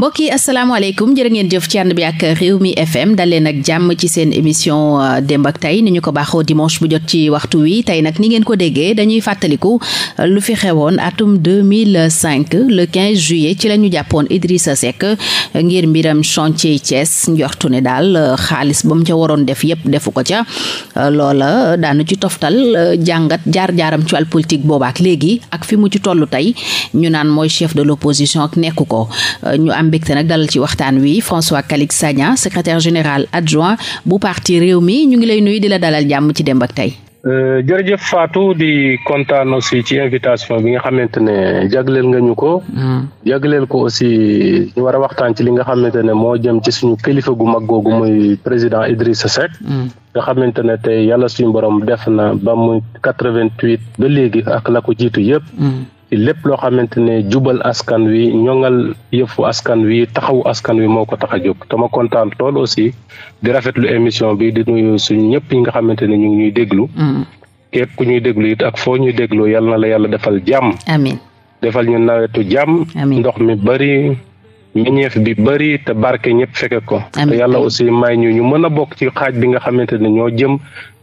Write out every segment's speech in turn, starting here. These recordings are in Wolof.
mbokk yi asalaamaaleykum jërë ngeen jëf ci ànd bi ak réew mi fm daleen ak jàmm ci seen émission euh, démb ak tay ni ñu ko baaxoo dimanche bu jot ci waxtu wi tey nag ni ngeen ko déggee dañuy fàttaliku euh, lu fi xewoon atum 2005 le 15 juillet ci la ñu jàppoon Idrissa Seck euh, ngir mbiram chantier Thiès njortu ne daal xaalis ba mu ca waroon def yépp defu ko ca loola daanu ci toftal jàngat jaar-jaaram ci wàll politique boobaak léegi ak fi mu ci tollu tey ñu naan mooy chef de l'opposition ak nekku ko am mbégte nag dalal ci waxtaan wi François Calixte Sagna secrétaire général adjoint bu parti réew mi ñu ngi lay nuy di la dalal jàmm ci démb ak tey. Euh, jërëjëf Fatou di kontaan aussi ci invitation bi nga xamante ne jagleel nga ñu ko. Hmm. jagleel ko aussi ñu war a waxtaan ci li nga xamante ne moo jëm ci suñu kilifa gu mag googu muy président Idrissa Seck. Hmm. nga xamante ne tey yàlla suñu borom def na ba mu quatre-vingt-huit ba léegi ak la ko jiitu yëpp. Hmm. lépp loo xamante ne jubal askan wi ñoŋal yëfu askan wi taxawu askan wi moo ko tax a jóg te ma kontaan lool aussi di rafetlu émission bi di nuyu suñu ñëpp ñi nga xamante ñu ngi ñuy déglu. Mm. képp ku ñuy déglu it ak foo ñuy déglu yal na la yàlla defal jàmm. defal ñu nawetu jàmm. ndox mi bari meññeef bi bari te barke ñëpp fekke ko. te yàlla aussi may ñu ñu mën a bokk ci xaaj bi nga xamante ne ñoo jëm.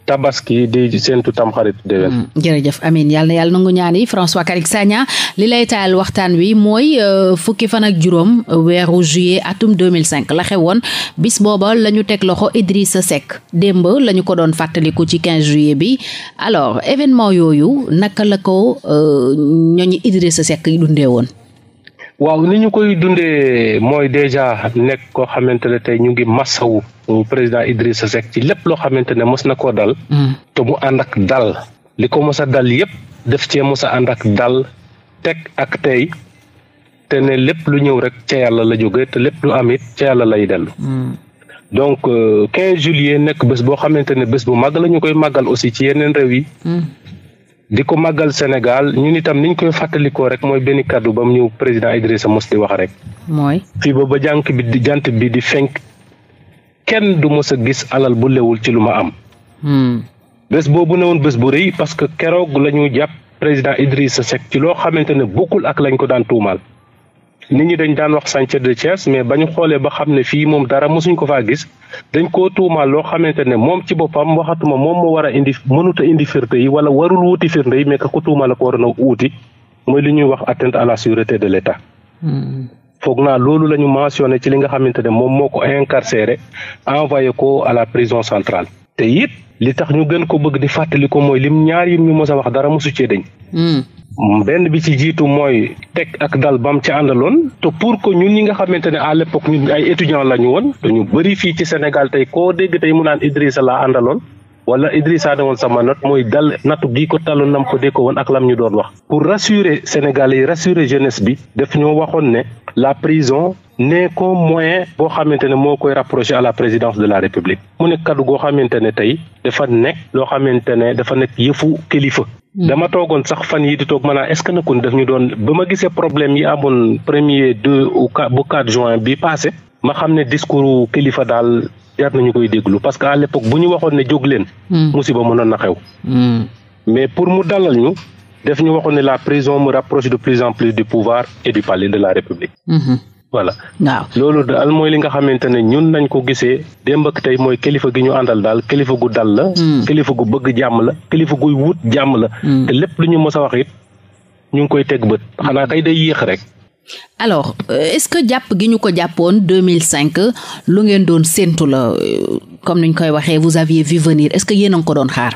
tabaski di seentu tam xarit déwén. Mm, jërëjëf amin yàlla na yàlla nangu ñaan yi François Karik Sagna li lay taal waxtaan wi mooy euh, fukki fan ak juróom weeru juillet atum 2005 la xewoon bis booba la ñu teg loxo sa Seck démb la ñu ko doon fàttaliku ci 15 juillet bi alors événement yooyu naka la ko euh, ñooñu Idrissa Seck dundee woon. waaw ni ñu koy dundee mooy déjà nekk koo xamante ne tey ñu ngi wu président Idrissa Seck ci lépp loo xamante ne mos na koo dal. Mm. te mu ànd ak dal li ko mos a dal yépp def cee mos a ànd ak dal teg ak tey te ne lépp lu ñëw rek ca yàlla la jóge te lépp lu am it ca yàlla lay dellu. Mm. donc euh, quinze juillet nekk bés boo xamante ne bés bu màgg la ñu koy màggal aussi ci yeneen réew yi. Mm. di ko màggal Sénégal ñun itam niñ koy fàttalikoo rek mooy benn kàddu ba mu ñëw président Idrissa mos di wax rek. mooy fii ba ba bi di jant bi di fenk kenn du mos a gis alal bu lewul ci lu ma am. Hmm. bés boobu ne woon bés bu rëy parce que keroog la ñu jàpp président Idrissa Seck ci loo xamante ne bokkul ak lañ ko daan tuumaal. nit ñi dañ daan wax chantier de Thiès mais ba ñu xoolee ba xam ne fii moom dara mosuñ ko faa gis dañ koo tuumaal loo xamante ne moom ci boppam waxatuma moom moo war a indi mënut a indi firnde yi wala warul wuti firnde yi mekk ka ko tuumaal ko waroon a wuuti mooy li ñuy wax atteinte à la sûreté de l'État. Hmm. foog naa loolu la ñu mentionné ci li nga xamante ne moom moo ko incarcéré envoyé ko à la prison centrale te it li tax ñu gën ko bëgg di fàttali ko mooy lim ñaar yim ñu mos a wax dara mosu cee dañ. Hmm. benn bi ci jiitu mooy teg ak dal bam ci àndaloon te pour que ñun ñi nga xamante ne à l'époque ñun ay étudiants la ñu woon ñu bëri fii ci Sénégal tey koo dégg tey mu naan Idrissa laa àndaloon wala Idrissa ne woon sama not mooy dal natu gii ko taloon nam ko dee woon ak lam ñu doon wax pour rassurer Sénégalais yi rassurer jeunesse bi daf ñoo waxoon ne la prison n'est qu'un moyen boo xamante ne moo koy rapproché à la présidence de la République mu ne kaddu goo xamante ne tey dafa nekk loo xamante ne dafa nekk yëfu kilifa Hmm. dama toogoon sax fan yi di toog maanaam est-ce que nakun ñu doon ba ma gisee problème yi amoon premier deux bu quatre bi passé ma xam ne discours kilifa daal jar nañu koy déglu parce que à l'époque bu ñu waxoon ne jóg leen hmm. musiba mënoon na xew hmm. mais pour mu dalal ñu daf ñu waxoon ne la prison me rapproche de plus en plus du pouvoir et du palais la République voilà waaw loolu daal mooy li nga xamante ne ñun nañ ko gisee démb ak tey mooy kilifa gi ñu àndal daal kilifa gu dal la hmm. kilifa gu bëgg jàmm la kilifa guy wut jàmm la hmm. te lépp lu ñu mës a wax it ñu ngi koy teg bët xanaa kay day yéex rek alors euh, est-ce que jàpp gi ñu ko jàppoon 2005 lu ngeen doon séntu la euh, comme niñ koy waxee vous aviez vu venir est-ce ko doon xaar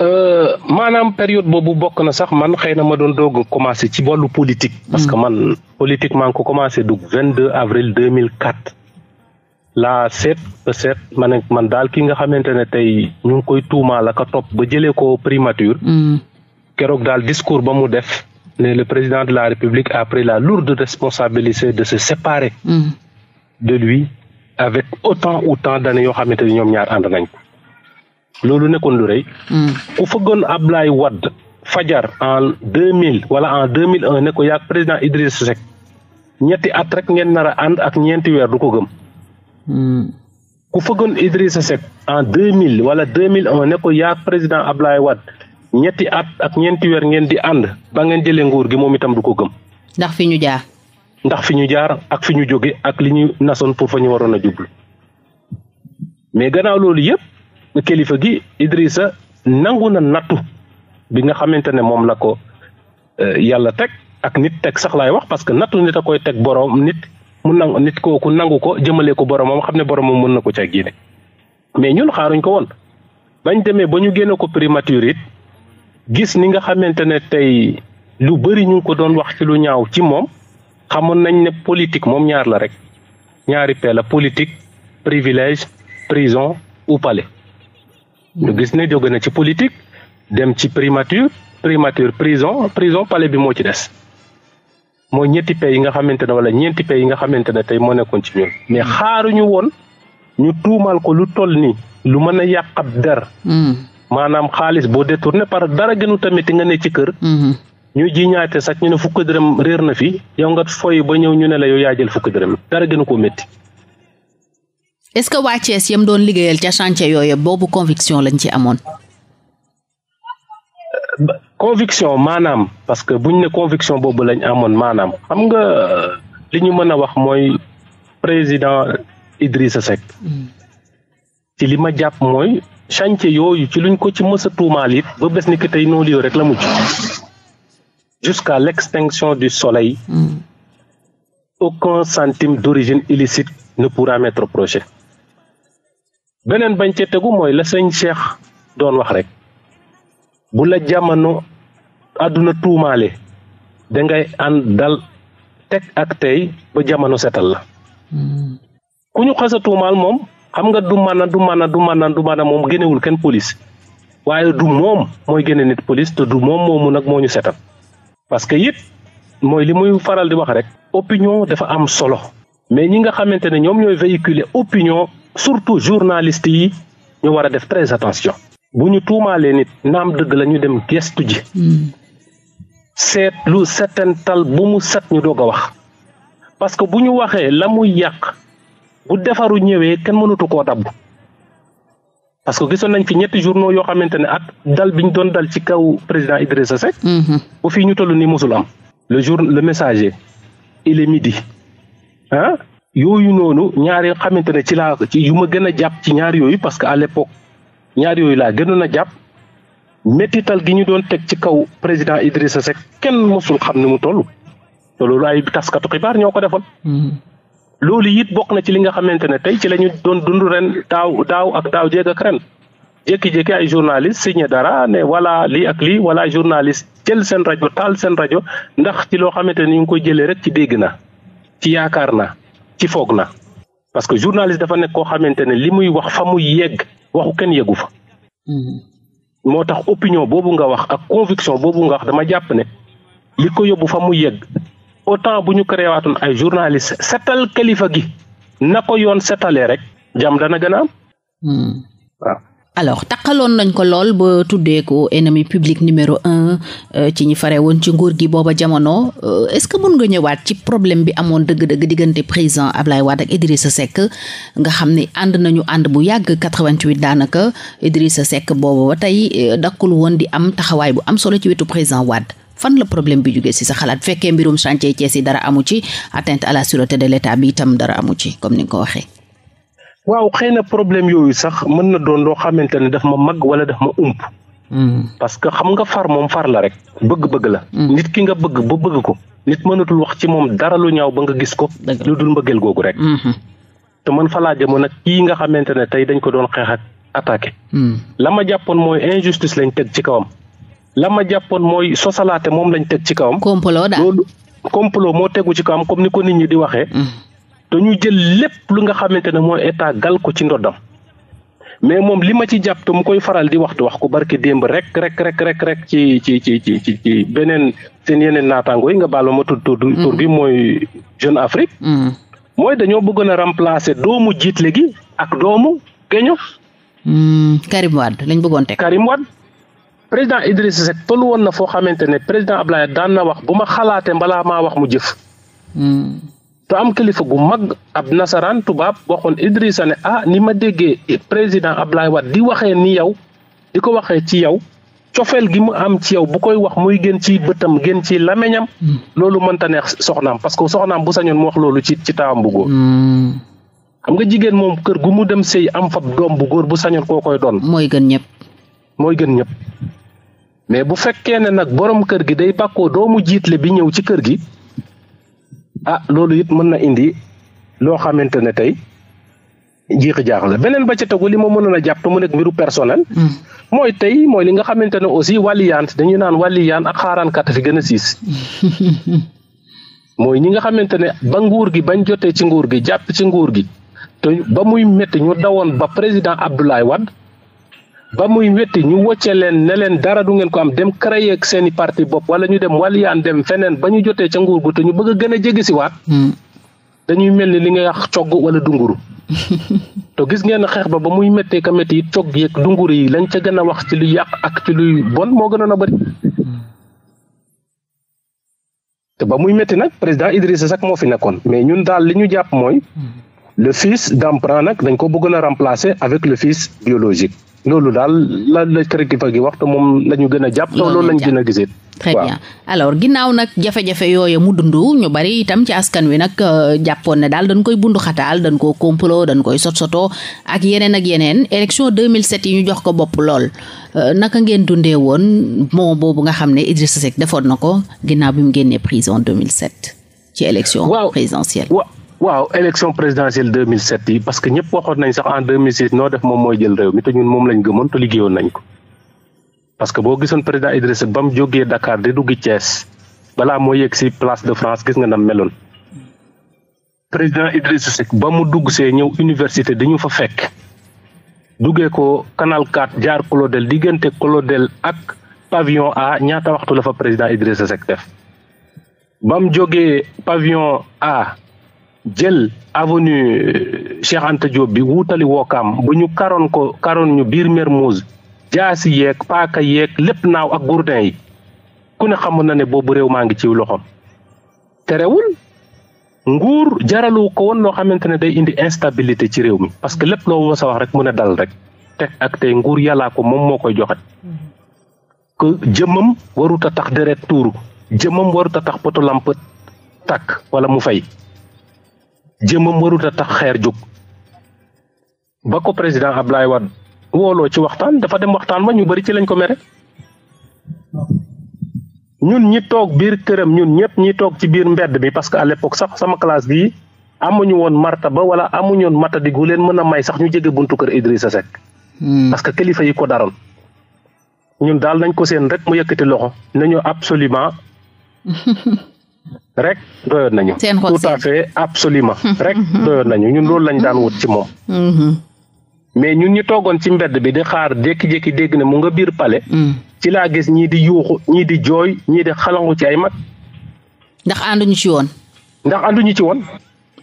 Euh, maanaam période boobu bokk na sax man xëy na ma doon doog a commencé ci wàllu politique. parce que hmm. man politique ngi ko commencé dugg 22 avril 2004. la seet seet ma ne man daal ki nga xamante ne tey ñu ngi koy tuumaal la a top ba jëlee ko primature. Hmm. keroog daal discours ba mu def. ne le président de la république a pris la lourde responsabilité de se séparer. Hmm. de lui avec autant ou tant yoo xamante ne ñoom ñaar ànd nañ ko. loolu nekkoon lu rëy. Hmm. ku fëggoon Ablaye Wade fajar en deux mille wala en deux mille un ne ko yaa président Idriss Seck ñetti at rek ngeen nar a ànd ak ñeenti weer du ko gëm. Hmm. ku fëggoon Idriss Seck en deux mille wala deux mille un ne ko président Ablaye Wade ñetti at ak ñeenti weer ngeen di ànd ba ngeen jëlee nguur gi moom itam du ko gëm. ndax fi ñu jaar. ndax fi ñu jaar ak fi ñu jóge ak li ñu nasoon pour fa ñu waroon a jublu mais gannaaw loolu yëpp. kilifa gi Idrissa nangu na nattu bi nga xamante ne moom la ko euh, yàlla teg ak nit teg sax laay wax parce que nattu nit a koy teg boroom nit mu nangu nit kooku nangu ko jëmalee ko boromam xam ne boromam mën na ko ca génne mais ñun xaaruñ ko woon bañ demee ba ñu génne ko primature it gis ni nga xamante ne tey lu bëri ñu ko doon wax ci lu ñaaw ci moom xamoon nañ ne politique moom ñaar la rek ñaari pee la politique privilège prison ou ñu gis ne jóge na ci politique dem ci primature primature prison prison palais bi moo ci des mooy ñetti pays yi nga xamante ne wala ñeenti pays yi nga xamante ne tey moo nekkoon ci ñun mais xaaruñu woon ñu tuumal ko lu toll nii lu mën a yàq ab der mm. maanaam xaalis boo détourné par dara gënu tamit nga ne ci kër mm-hmm. ñu jiñaate sax ñu ne fukki dërëm réer na fi yow nga foy ba ñëw ñu ne la yow yaa jël fukki dërëm dara gënu koo métti est-ce que waa Thiès yam doon liggéeyal ca chantier yooyu boobu conviction lañ ci amoon. conviction maanaam parce que buñ ne conviction boobu lañ amoon maanaam xam nga euh, li ñu mën a wax mooy président Idrissa Seck. Hmm. ci li ma jàpp mooy chantier yooyu ci luñ ko ci mës a tuumaal it ba bés ni que tey noonu rek la mujj. jusqu'à l'extinction du soleil. Mm. aucun centime d'origine illicite ne pourra mettre au projet. beneen bañ ca tegu mooy la sëñ Cheikh doon wax rek bu la jamono àdduna tuumaale dangay ànd dal teg ak tey ba jamono setal la ku ñu xasa tuumaal moom xam nga du mën a du mën a du mën a du moom génnewul kenn police waaye du moom mooy génne nit police te du moom moomu nag moo ñu setal parce que it mooy li muy faral di wax rek opinion dafa am solo mais ñi nga xamante ne ñoom ñooy véhiculer opinion surtout journaliste yi ñu war a def très attention bu ñu tuumaalee nit naam dëgg la ñu dem gestu ji seet lu setental bu mu set ñu doog a wax parce que bu ñu waxee la muy yàq bu defaru ñëwee kenn mënatu koo dabb parce que gisoon nañ fi ñetti journaux yoo xamante ne ak dal bi ñu doon dal ci kaw président Idrissa Seck. Mm-hmm. bu fii ñu toll nii mosul am. le jour le messager il est midi ah yooyu noonu ñaar yoo xamante ne ci laa ci yu ma gën a jàpp ci ñaar yooyu parce que à l'époque ñaar yooyu laa gënoon a jàpp méttital gi ñu doon teg ci kaw président Idrissa Seck kenn mosul xam ni mu toll te loolu ay taskatu xibaar ñoo ko defoon. Mm-hmm. loolu it bokk na ci li nga xamante ne tey ci la ñu doon dund ren daaw daaw ak daaw jéeg ak ren jékki-jékki ay journaliste signé dara ne wala lii ak lii walaa journaliste jël seen rajo taal seen rajo ndax ci loo xamante ne ñu ngi koy jëlee rek ci dégg na ci yaakaar naa. ci foog na parce que journaliste dafa nekk koo xamante ne li muy wax fa mu yegg waxu kenn yeggu fa. Mm-hmm. moo tax opinion boobu nga wax ak conviction boobu nga wax dama jàpp ne li ko yóbbu fa mu yegg autant bu ñu créé waatoon ay journaliste setal kilifa gi na ko yoon setalee rek jàmm dana gën a alors taqaloon nañ ko lool ba tuddee ko ennemi public numéro un euh, ci ñi fare woon ci nguur gi booba jamono euh, est-ce que mun nga ñëwaat ci problème bi amoon dëgg-dëgg diggante ab Ablaye Wade ak sa Seck nga xam ni ànd nañu ànd bu yàgg 88 daanaka Idrissa Seck booba ba tey euh, dakkul woon di am taxawaay bu am solo ci wetu président Wade fan la problème bi jógee si sa xalaat fekkee mbirum chantier Thiès yi dara amu ci atteinte à la sûreté de l'État bi itam dara amu ci comme ni nga ko waxee. waaw xëy na problème yooyu sax mën na doon loo xamante ne daf ma mag wala daf ma ump. Hmm. parce que xam nga far moom far la rek bëgg-bëgg la. Hmm. nit ki nga bëgg ba bëgg ko nit mënatul wax ci moom dara lu ñaaw ba nga gis ko. lu dul mbëggeel googu rek. Hmm. te man fa laa jëmoon nag kii nga xamante ne tey dañ ko doon xeex ak attaqué. la ma jàppoon mooy injustice lañ teg ci kawam. la ma jàppoon mooy sosalaate moom lañ teg ci kawam. complot daal loolu complot moo tegu ci kawam comme ni ko nit ñi di waxee. ñu jël lépp lu nga xamante ne mooy état gal ko ci ndoddam mais moom li ma ci jàpp te mu koy faral di waxtu wax ko barke démb rek rek rek rek rek ci ci ci ci ci ci beneen seen yeneen naataango yi nga baal ma ma tudd tur mm. tur mooy Jeune Afrique mm. mooy dañoo bëggoon a remplacer doomu jiitle gi ak doomu geño mm. Karim Wade lañ bëggoon teg Karim Wade président Idrissa Seck tollu woon na foo xamante ne président Ablaye daan na wax bu ma xalaatee mbalaa maa wax mu jëf dafa am kilifa gu mag ab nasaraan tubaab waxoon Idrissa ne ah ni ma déggee président ab Ablaye Wade di waxee ni yow di ko waxee ci yow cofeel gi mu am ci yow bu koy wax muy gën ci bëtam gën ci lameñam hmm. loolu mënta neex soxnaam parce que soxnaam bu sañoon mu wax loolu ci ci taawam bu góor hmm. xam nga jigéen moom kër gu mu dem sëy am fab doom bu góor bu sañoon koo koy doon mooy gën ñëpp mooy gën ñëpp mais bu fekkee ne nag borom kër gi day bàkkoo doomu jiitle bi ñëw ci kër gi ah loolu it mën na indi loo xamante ne tey jiix jaax la beneen ba ca tegu li ma mënoon a jàpp mu nekk mbiru personnel. Hmm. mooy tey mooy li nga xamante ne aussi wàlliyaan dañuy naan wàlliyaan ak xaaraankat fi gën a siis. mooy ñi nga xamante ne ba nguur gi bañ jotee ci nguur gi jàpp ci nguur gi te ba muy métti ñu dawoon ba président Abdoulaye Wade. ba muy wétti ñu woccee leen ne leen dara du ngeen ko am dem créer seen i parti bopp wala ñu dem waliyaan dem feneen ba ñu jotee ca nguur gu te ñu bëgg a gën a jege si waat hmm. dañuy mel ni li ngay wax cogg wala dunguru te gis ngeen xeex ba ba muy méttee ka métti yi cogg yeeg dunguru yi lañ ca gën a wax ci lu yàq ak ci luy bon moo gën a bëri hmm. te ba muy metti nag président Idrissa Seck moo fi nekkoon mais ñun daal li ñu jàpp mooy hmm. le fils d'emprunt nag dañ ko bëggoon a remplacer avec le fils biologique loolu daal la la kër gi fa gi wax moom la ñu gën a jàpp te loolu lañ gën très bien alors ginnaaw nag jafe-jafe yooyu mu dund ñu bari itam ci askan wi nag euh, jàppoon ne daal dañ koy bundu xataal dañ koo complot dañ koy sot soto ak yeneen ak yeneen élection 2007 yi ñu jox ko bopp lool euh, naka ngeen dundee woon moo boobu nga xam ne Idrissa Seck defoon na ko ginnaaw bi mu génnee prison 2007 ci élection présidentielle waaw waaw élection présidentielle 2007 yi parce que ñëpp waxoon nañ sax en 2006 noo def moom mooy jël réew mi moom lañ gëmoon te liggéeyoon nañ ko parce que boo gisoon président Idrissa ba mu jógee Dakar di dugg cees balaa moo yegg si place de France gis nga nam meloon président Idrissa Seck ba mu dugg see ñëw université dañu fa fekk duggee ko canal 4 jaar Claudel diggante Claudel ak pavillon A ñaata waxtu la fa président Idrissa Seck def ba mu jógee pavillon jël avenue euh, Cheikh Anta Diop bi wuutali wookaam bu ñu karoon ko karoon ñu biir Mermoz jaasi yeeg paaka yeeg lépp naaw ak gourdin yi ku ne xamoon na ne boobu réew maa ngi ciw loxoom terewul nguur jaralu ko woon loo xamante ne day indi instabilité ci réew mi parce que lépp loo mës a wax rek mën a dal rek teg ak tey nguur yàllaa ko moom moo koy joxe que jëmmam warut tax deret tuuru jëmmam warut tax poto takk wala mu fay jëmmam warut a tax xeer jóg ba ko président Ablaye Wade wooloo ci waxtaan dafa dem waxtaan ba ñu bari ci lañ ko mere ñun ñi toog biir këram ñun ñëpp ñi toog ci biir mbedd bi parce que à l'époque sax sama classe bii amuñu woon marta ba wala amuñu woon mata digu leen mën a may sax ñu jege buntu kër Idrissa Seck. Hmm. parce que kilifa yi ko daroon. ñun daal nañ ko seen rek mu yëkkati loxo nañu absolument rek doyoon nañu. seen xol tout à fait absolument. rek doyoon nañu ñun loolu lañ daan wut ci moom. Mm-hmm. mais ñun ñu toogoon ci mbedd bi di xaar jékki-jékki dégg na mu nga biir pale mm. ci laa gis ñii di yuuxu ñii di jooy ñii di xalangu ci ay mag. ndax ànduñu ci woon. ndax ànduñu ci woon.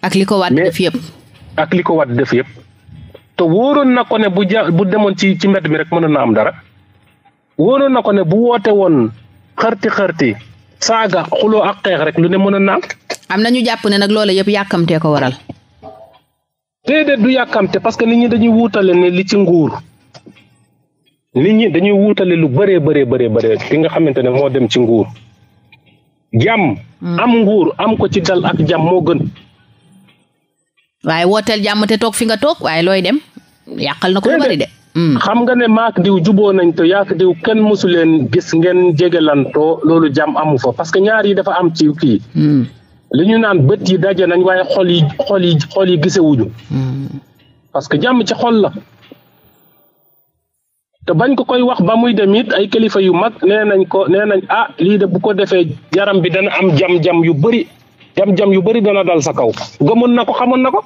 ak li ko waat def yëpp. ak li ko waat def yëpp. te wóoroon na ko ne bu ja bu demoon ci ci mbedd mi rek mënoon na am dara. wóoroon na ko ne bu woote woon xërti xërti. saaga xuloo ak xeex rek lu ne mën a naan. am na ñu jàpp ne nag loolu yëpp yàkkamtee ko waral. déedéet du yàkkamte parce que nit ñi dañuy wuutale ne li ci nguur nit ñi dañuy wuutale lu bëree bëree bëree bëree nga xamante ne moo dem ci nguur jàmm. Hmm. am nguur am ko ci dal ak jàmm moo gën. waaye wooteel jàmm te toog fi nga toog waaye looy dem yàqal na ko lu bari de. Mm. xam nga ne maak diw juboo nañ te yaak diw kenn mosu leen gis ngeen jégalantoo loolu jàmm amu fa parce que ñaar yi dafa am ci kii mm. lañu naan bët yi daje nañ waaye xol yi xol yi xol yi gisewuñu mm. parce que jàmm ci xol la te bañ ko koy wax ba muy dem it ay kilifa yu mag nee nañ ko nee nañ ah lii de bu ko defee jaram bi dana am jam-jam yu bëri jam-jam yu bëri dana dal sa kaw gëmoon na ko xamoon na ko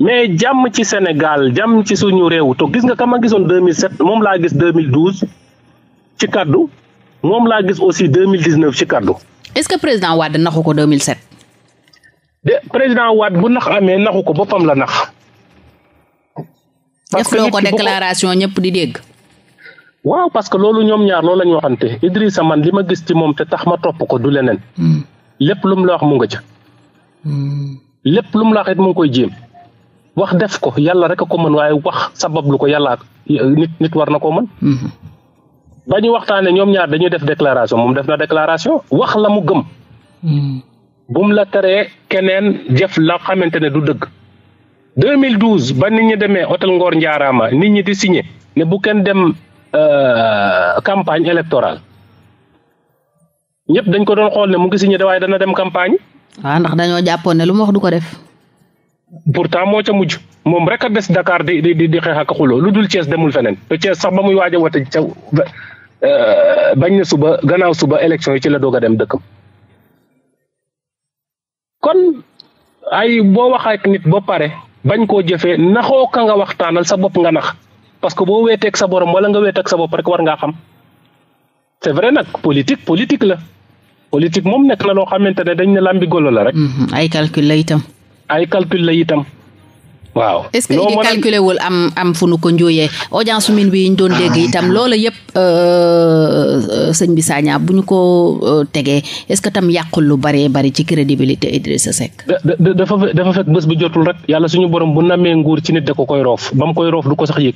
mais jàmm ci Sénégal jàmm ci suñu réew to gis nga ka ma gisoon 2007 moom laa gis 2012 ci kàddu moom laa gis aussi 2019 ci kaddu. est-ce que président Wade naxu ko 2007. de président Wade bu nax amee naxu ko boppam la nax. parce que ko déclaration ñëpp di dégg. waaw parce que loolu ñoom ñaar loolu la ñu waxante Idrissa man li ma gis ci moom te tax ma topp ko du leneen. Hmm. lépp lu la wax mu nga ca. Hmm. lépp lu mu la wax mu ngi koy jéem. wax def ko yàlla rek a ko mën waaye wax sabab lu ko yàlla nit nit war na koo mën. Mm-hmm. ba ñu waxtaanee ñoom ñaar dañuy def déclaration moom def na déclaration wax la mu gëm. Mm-hmm. bu mu la teree keneen jëf la xamante ne du dëgg. 2012 ba nit ñi demee hôtel ngoor Ndiarama nit ñi di signé ne bu kenn dem euh, campagne électorale ñépp dañ ko doon xool ne mu ngi signé waaye dana dem campagne. waaw ah, ndax dañoo jàppoon ne lu mu wax du ko def. pourtant moo ca mujj moom rek a des Dakar di di di xeex lu dul cees demul feneen te Thiès sax ba muy waaj a wote ca euh, bañ na suba gannaaw suba élection yi ci la doog a dem dëkkam kon ay boo wax ak nit ba pare bañ koo jëfee naxoo ka nga waxtaanal sa bopp nga nax parce que boo weeteeg sa borom wala nga weeteeg sa bopp rek war ngaa xam c'est vrai nag politique politique la politique moom nekk na loo xamante ne dañ ne làmbi golo la rek. Mm-hmm. ay calcul la itam. ay calcul la itam waaw. est-ce que idi calculé wul am am fu nu ko njóoyee audience min bi ñu doon dégg tam loola yëpp euh, euh, sëñ bi Sagna bu ñu ko euh, tegee est-ce que tam yàqul lu bare bëri ci crédibilité Idrissa Seck. da dafa fekk bés bu jotul rek yàlla suñu borom bu namee nguur ci ne da ko koy roof ba koy roof du ko sax yëg.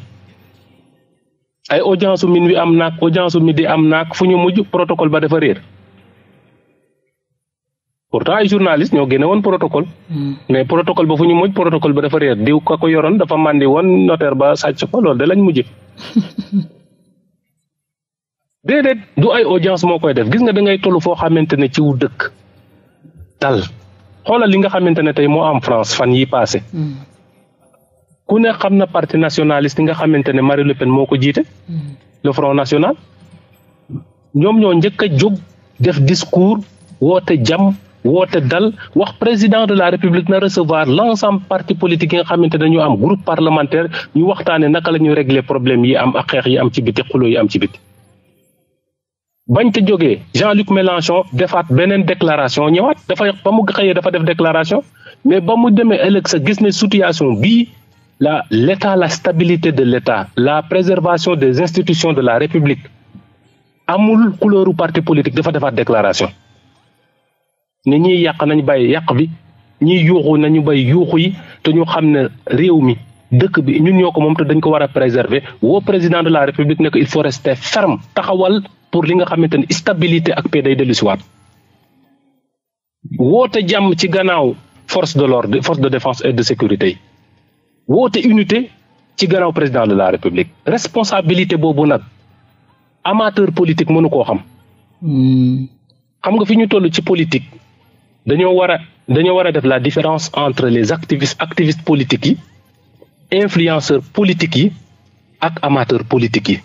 ay audience min wi am naag audience mi di am naag fu ñu mujj protocole ba dafa réer. pourtant ay journaliste ñoo génne woon hmm. mais protocole ba fu ñu mujj protocole ba dafa réer diw ka ko yoroon dafa màndi woon notaire ba sàcc ko loolu da lañ mujj du ay audience moo koy def gis nga da ngay toll foo xamante ne ci wu dëkk dal xoolal li nga xamante ne tey moo am France fan yi passé hmm. ku ne xam na parti nationaliste nga xamante ne Marie Le Pen moo ko jiite hmm. le Front National ñoom ñoo njëkk a jóg def discours woote jàmm woote dal wax président de la république na recevoir l' ensemble parti politique yi nga xamante dañu am groupe parlementaire ñu waxtaane naka la ñuy régler problème yi am ak xeex yi am ci biti xuloo yi am ci biti bañ te jógee Jean-Luc Mélenchon defaat beneen déclaration ñëwaat dafa ba mu xëyee dafa def déclaration mais ba mu demee ëllëg sa gis ne situation bii la l' la stabilité de l' état la préservation des institutions de la république amul couleuru parti politique dafa defaat déclaration ne ñi yàq nañu bàyyi yàq bi ñiy yuuxu nañu bàyyi yuuxu yi te ñu xam ne réew mi dëkk bi ñun ñoo ko moom te dañ ko war a préserver woo président de la république ne il faut rester ferme taxawal pour li nga xamante ne stabilité ak paix day dellu si waat jàmm ci gannaaw force de l'ordre force de défense et de sécurité yi woote unité ci gannaaw président de la république responsabilité boobu nag amateur politique mënu koo xam hmm. xam nga fi ñu toll ci politique dañoo war a dañoo war a def la différence entre les activistes activistes politiques yi influenceurs politiques yi ak amateurs politiques yi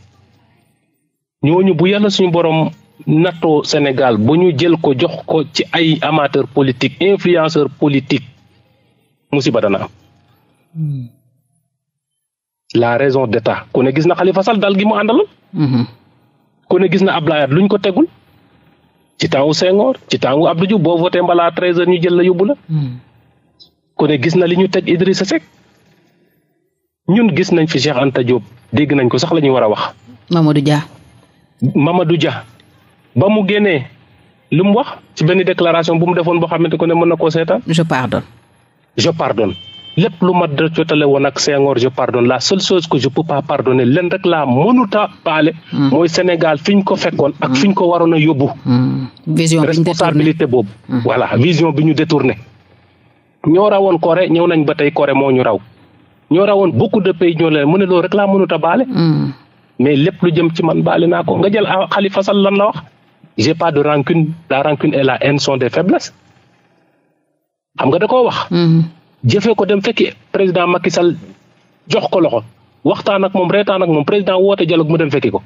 ñooñu bu yàlla suñu borom nattoo Sénégal bu ñu jël ko jox ko ci ay amateurs politiques influenceurs politiques musiba dana am hmm. la raison d'état ku ne gis na Khalifa Sall gi mu àndal. Hmm. ku ne gis na Ablaye lu ñu ko tegul. ci temps wu ci temps wu Abdou Diouf boo voté mbalaa treize ñu jël la yóbbu la. Hmm. ku ne gis na li ñu teg sa Seck ñun gis nañ fi Cheikh Anta Diop dégg nañ ko sax la ñu war a wax. Mamadou Dia. Mamadou Dia ba mu génnee lu mu wax ci benn déclaration bu mu defoon boo xamante ko ne mën na koo seetaan. je pardonne. je pardonne. lépp lu ma jotale woon ak Senghor je pardonne la seule chose que je peux pas pardonner leen rek laa mënuta baale hmm. mooy Sénégal fi ko fekkoon ak fi ñu ko waroon a yóbbu hmm. responsabilité boobu hmm. voilà vision bi ñu détourné woon rawoon Corée ñëw nañ ba tey Corée moo ñu raw ñoo woon beaucoup de pays ñoo leen mu ne loolu rek laa mënuta baale mais lépp lu jëm ci man baale naa ko nga jël ah, Khalifa Sall lan la wax j'ai pas de rancune la rancune et la haine sont des faiblesses xam nga jëfee ko dem fekki président Macky Sall jox ko loxo waxtaan ak moom reetaan ak moom président woote dialogue mu dem fekki ko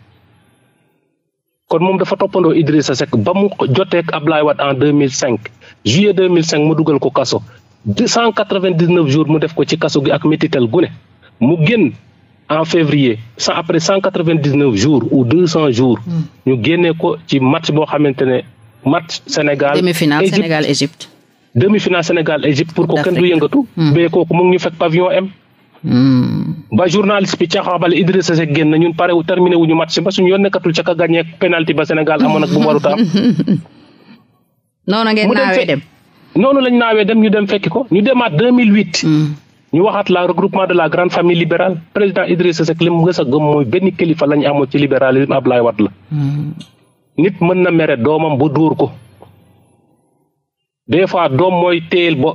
kon moom dafa toppandoo sa Seck ba mu jotee ak Ablaye Wade en 2005 juillet 2005 mu dugal ko kaso 299 jours mu def ko ci kaso gi ak métital gune mu génn en février sa après 199 jours ou 200 jours. Hmm. ñu génnee ko ci match boo xamante ne match Sénégal. demi-finale demi-finale Sénégal Égypte pour ko kenn du yëngatu mais hmm. kooku mu ñu fekk pavillon M hmm. ba journaliste bi caaxaabale Idrissa Seck na ñun pare terminé wuñu match ba suñu yoon nekkatul ca ka gagné penalty ba Sénégal amoon ak mu a am noonu dem noonu lañ naawee dem ñu dem fekki ko ñu demaat 2008 hmm. ñu waxaat la regroupement de la grande famille libérale président Idrissa Seck li mu gës a gëm mooy benn kilifa la ñu amoon ci libéralisme Ablaye Wade la nit mën na mere doomam bu dóor ko des fois doom mooy téyel ba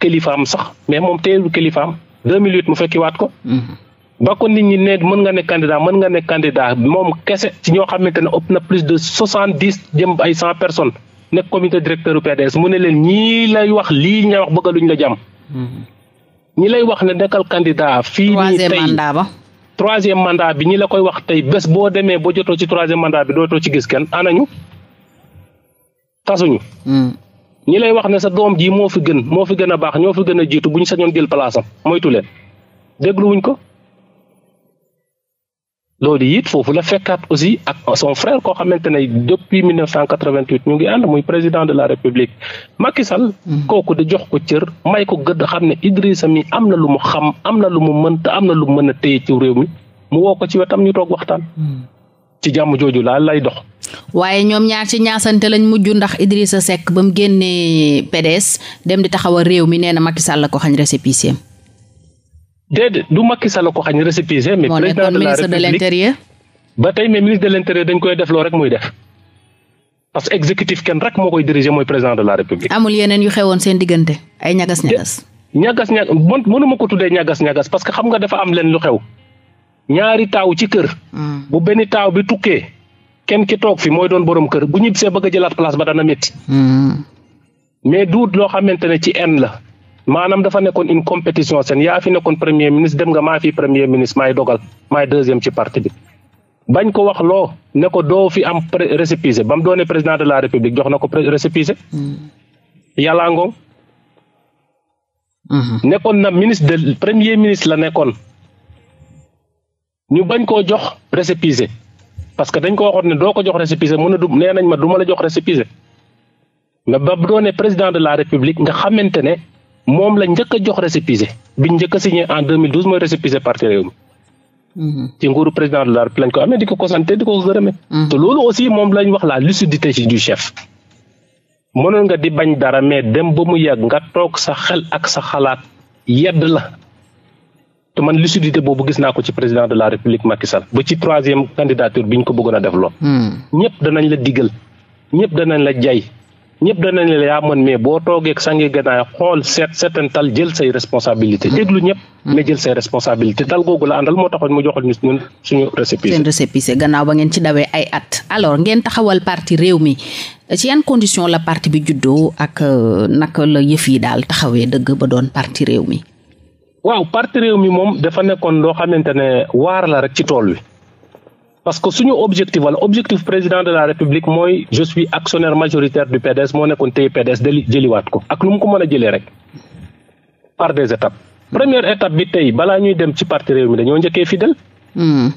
kilifaam sax mais moom téyelu kilifaam 2008 mu waat ko. Mm-hmm. ba ko nit ñi ne mën nga ne candidat mën nga ne candidat moom kese ci ñoo xamante ne ëpp na plus de soixante dix jëm ay cent personnes nekk comité directeur PDS mu ne leen ñii lay wax lii ña wax bëgg luñ la jàmm. Mm-hmm. ñi lay wax ne nekkal candidat. fii nii tey troisième mandat ba. troisième mandat bi ñi la koy wax tey bés boo demee boo jotoo ci troisième mandat bi dootoo ci gis kenn anañu tasuñu. Mm-hmm. ñi lay wax ne sa doom ji moo fi gën moo fi gën a baax ñoo fi gën a jiitu bu ñu sañoon jël place am moytu leen dégluwuñ ko loolu it foofu la fekkaat aussi ak son frère koo xamante ne depuis 1988 ñu ngi ànd muy président de la république Macky Sall. Mm-hmm. kooku di jox ko cër may ko gëdd xam ne Idrissa mi am na lu mu xam am na lu mu mën te am na lu mu mën a téye ci réew mi mu woo ko ci wetam ñu toog waxtaan. Mm-hmm. ci jàmm jooju laal lay dox. waaye ñoom ñaar ci ñaasante lañ mujj ndax Idrissa Seck ba mu génnee PDS dem di taxawal réew mi nee na Macky Sall la ko xañ récépissé. déedéet du Macky Sall la ko xañ récépissé. mais président de la république moo nekkoon ministre de l'intérieur. ba tey mais ministre de l'intérieur dañ koy def loo rek muy def parce que exécutif kenn rek moo koy diriger mooy président de la république. amul yeneen yu xewoon seen diggante ay ñagas ñagas. ñagas ñagas man mënuma ko tuddee ñagas ñagas parce que xam nga dafa am leen lu xew ñaari taaw ci kër. Hmm. bu benn kenn ki toog fii mooy doon borom kër bu ñibbisee bëgg a jëlaat place ba dana métti. Mm-hmm. mais duut loo xamante ne ci en la maanaam dafa nekkoon une compétition seen yaa fi nekkoon premier ministre dem nga maa fi premier ministre maay dogal maay deuxième ci parti bi. bañ ko wax loo ne ko doo fi am récépissé ba mu doonee président de la république jox na ko récépissé. Mm-hmm. yàllaa ngoog. Mm-hmm. nekkoon na ministre de premier ministre la nekkoon. ñu bañ koo jox récépissé parce que dañ ko waxoon ne doo ko jox récépissé mu nee nañ ma du la jox récépissé nga ba doone président de la république nga xamante ne moom la njëkk a jox récépissé biñ njëkk a en 2012 mooy récépissé parti réew mi. Mm-hmm. ci nguuru président la lañ ko amee di ko ko sant di ko gërëme. Mm-hmm. te loolu aussi moom lañ wax la lucidité ci du chef. mënoon nga di bañ dara mais dem ba mu yàgg nga toog sa xel ak sa xalaat yedd la te man lucidité boobu gis naa ko ci président de la république Macky Sall ba ci troisième candidature bi ñu ko bëggoon a def lool. Hmm. ñëpp danañ la diggal ñëpp danañ la jay ñëpp danañ la yaa man mais boo toogee ak sangi gannaay xool seet seetantal jël say responsabilité hmm. déglu ñëpp. Hmm. jël say responsabilité dal googu àndal moo taxoon mu joxal ñu ñun suñu récépissé. seen récépissé gannaaw ba ngeen ci dawee ay at alors ngeen taxawal parti réew mi ci yan condition la parti bi juddoo ak euh, naka la yëf yi daal taxawee dëgg ba doon parti réew mi. waaw parti réew mi moom dafa nekkoon loo xamante ne waar la rek ci tool wi parce que suñu objectif wala objectif président de la république mooy je suis actionnaire majoritaire du PDS moo nekkoon téye PDS dali jëliwaat ko ak lu mu ko mën a jëlee rek par des étapes première étape bi tey balaa ñuy dem ci parti réew mi dañoo njëkkee fidèle hmm.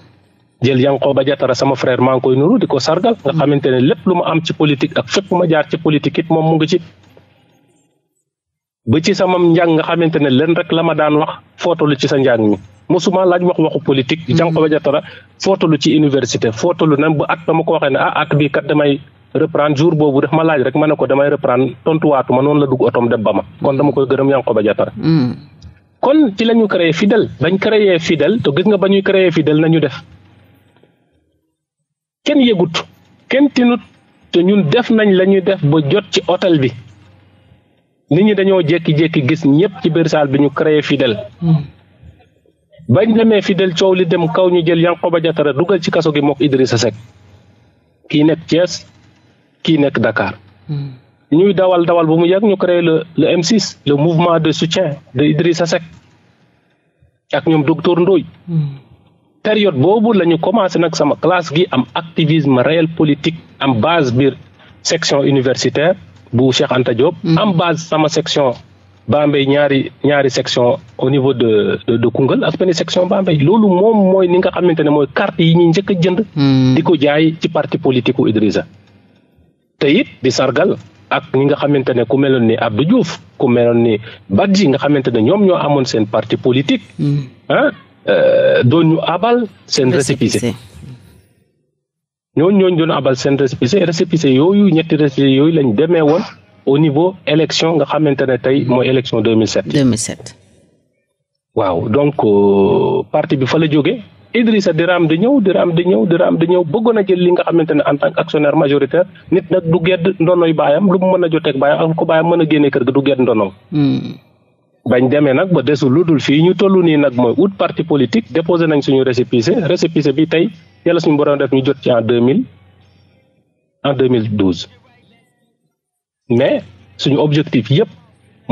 jël Yankhoba Diattara sama frère maa ngi koy nuru di ko sargal nga xamante ne lépp lu ma am ci politique ak fépp ma jaar ci politique moom mu ngi ci ba ci sama njàng nga xamante ne leen rek la ma daan wax footalu ci sa njàng mi mosuma laaj wax waxu politique. Diankhoba hmm. Diattara footalu ci université footalu nan bu at ba ma ko waxee ne ah at bii kat damay reprendre jour boobu daf ma laaj rek ma ne ko damay reprendre tontuwaatu ma noonu la dugg otom deb ba ma kon dama koy gërëm Diankhoba Diattara. Hmm. kon ci la ñu créé Fidèle bañ créé Fidèle te gis nga ba ñuy créé Fidèle nañu def kenn yëgut kenn tinut te ñun def nañ la ba jot ci hôtel bi. nit ñi dañoo jékki-jékki gis ñëpp ci biir saal bi ñu créé fidèle bañ demee fidèle coow li dem kaw ñu jël ba Diatara dugal ci kaso gi mook sa Seck kii nekk Thiès kii nekk dakaar ñuy dawal dawal bu mu yàgg ñu créé le le M6 le mouvement de soutien de sa Seck ak ñoom docteur Ndoye période boobu lañu ñu commencé nag sama classe gi am activisme réel politique am base biir section universitaire bu Cheikh Anta Diop. Mm-hmm. am base sama section Bambey ñaari ñaari section au niveau de de, de ak benn section Bambey loolu moom mooy ni nga xamante ne mooy carte yi ñuy njëkk a jënd. Mm-hmm. di ko jaay ci parti politique u Idrissa te di sargal. ak ñi nga xamante ne ku meloon ni Abdou Diouf ku meloon ni Badji nga xamante ne ñoom ñoo amoon seen parti politique. Mm-hmm. ah euh, doon ñu abal seen récépissé ñooñu ñooñu doon abal seen récépissé récépissé yooyu ñetti récépissé yooyu lañ demee woon au niveau élection nga xamante ne tey mooy élection 2007. 2007. waaw donc euh, parti bi fa la jógee Idrissa diraam di ñëw diraam di ñëw diraam di ñëw bëggoon a jël li nga xamante ne en tant que actionnaire majoritaire nit nag du gedd ndonoy baayam lu mu mën a joteeg baayam ak ko baayam mën a génnee kër gi du gedd ndonoom. Hmm. bañ demee nag ba desul lu dul fii ñu toll nii nag mooy ut parti politique déposé nañ suñu récépissé récépissé bi tey yàlla suñu borom def ñu jot ci en deux mille en deux mille douze mais suñu objectif yëpp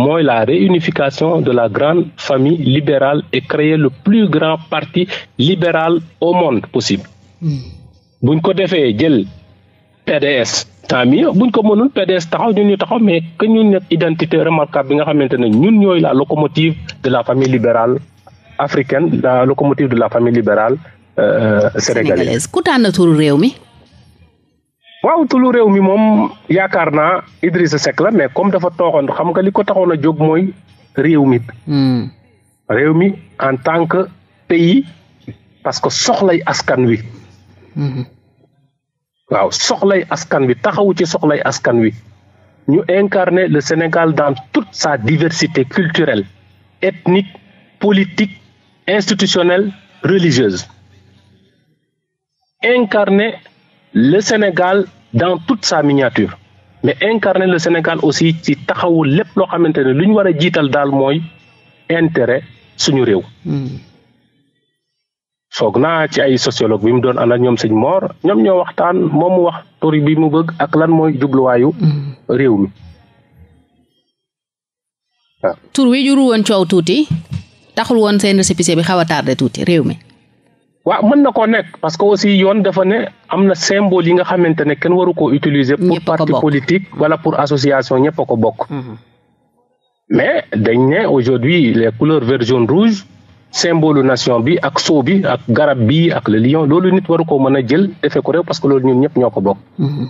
mooy la réunification de la grande famille libérale et créer le plus grand parti libéral au monde possible buñ ko defee jël PDS tant mieux buñ ko mënul PDS taxaw ñu ñu taxaw mais que ñu nekk identité remarquable bi nga xamante ne ñun ñooy la locomotive de la famille libérale africaine la locomotive de la famille libérale Euh, sénégalaise ku tànn turu réew mi. waaw tulu réew mi moom yaakaar naa Idrissa sec la mais comme dafa tooxoon xam nga li ko taxoon a jóg mooy réew mi. Hmm. réew mi en tant que pays parce que soxlay askan wi. Hmm. waaw soxlay askan wi taxawu ci soxlay askan wi ñu incarner le Sénégal dans toute sa diversité culturelle ethnique politique institutionnelle religieuse. incarner le Sénégal dans tout sa miniature mais incarner le Sénégal aussi ci taxawul lépp loo xamante ne lu war a jiital daal mooy intéret suñu réew. foog hmm. naa ci ay sociologue bi mu doon ànd ak ñoom sëñ Mor ñoom ñoo waxtaan moom mu wax tori bi mu bëgg ak lan mooy jubluwaayu. Hmm. mi waaw. tur wi juru woon coow tuuti taxul woon seen récépissé bi xaw a tuuti réew mi. waaw mën na ko nekk parce que aussi yoon dafa ne am na symbole yi nga xamante ne kenn waru ko utiliser. pour parti politique wala pour association ñëpp ko bokk. Mm-hmm. mais dañ ne aujourd'hui les couleurs vert jaune rouge symbole nation bi ak soo bi ak garab bi ak le lion loolu nit waru ko mën a jël defee ko réew parce que loolu ñun ñëpp ñoo ko bokk. Mm-hmm.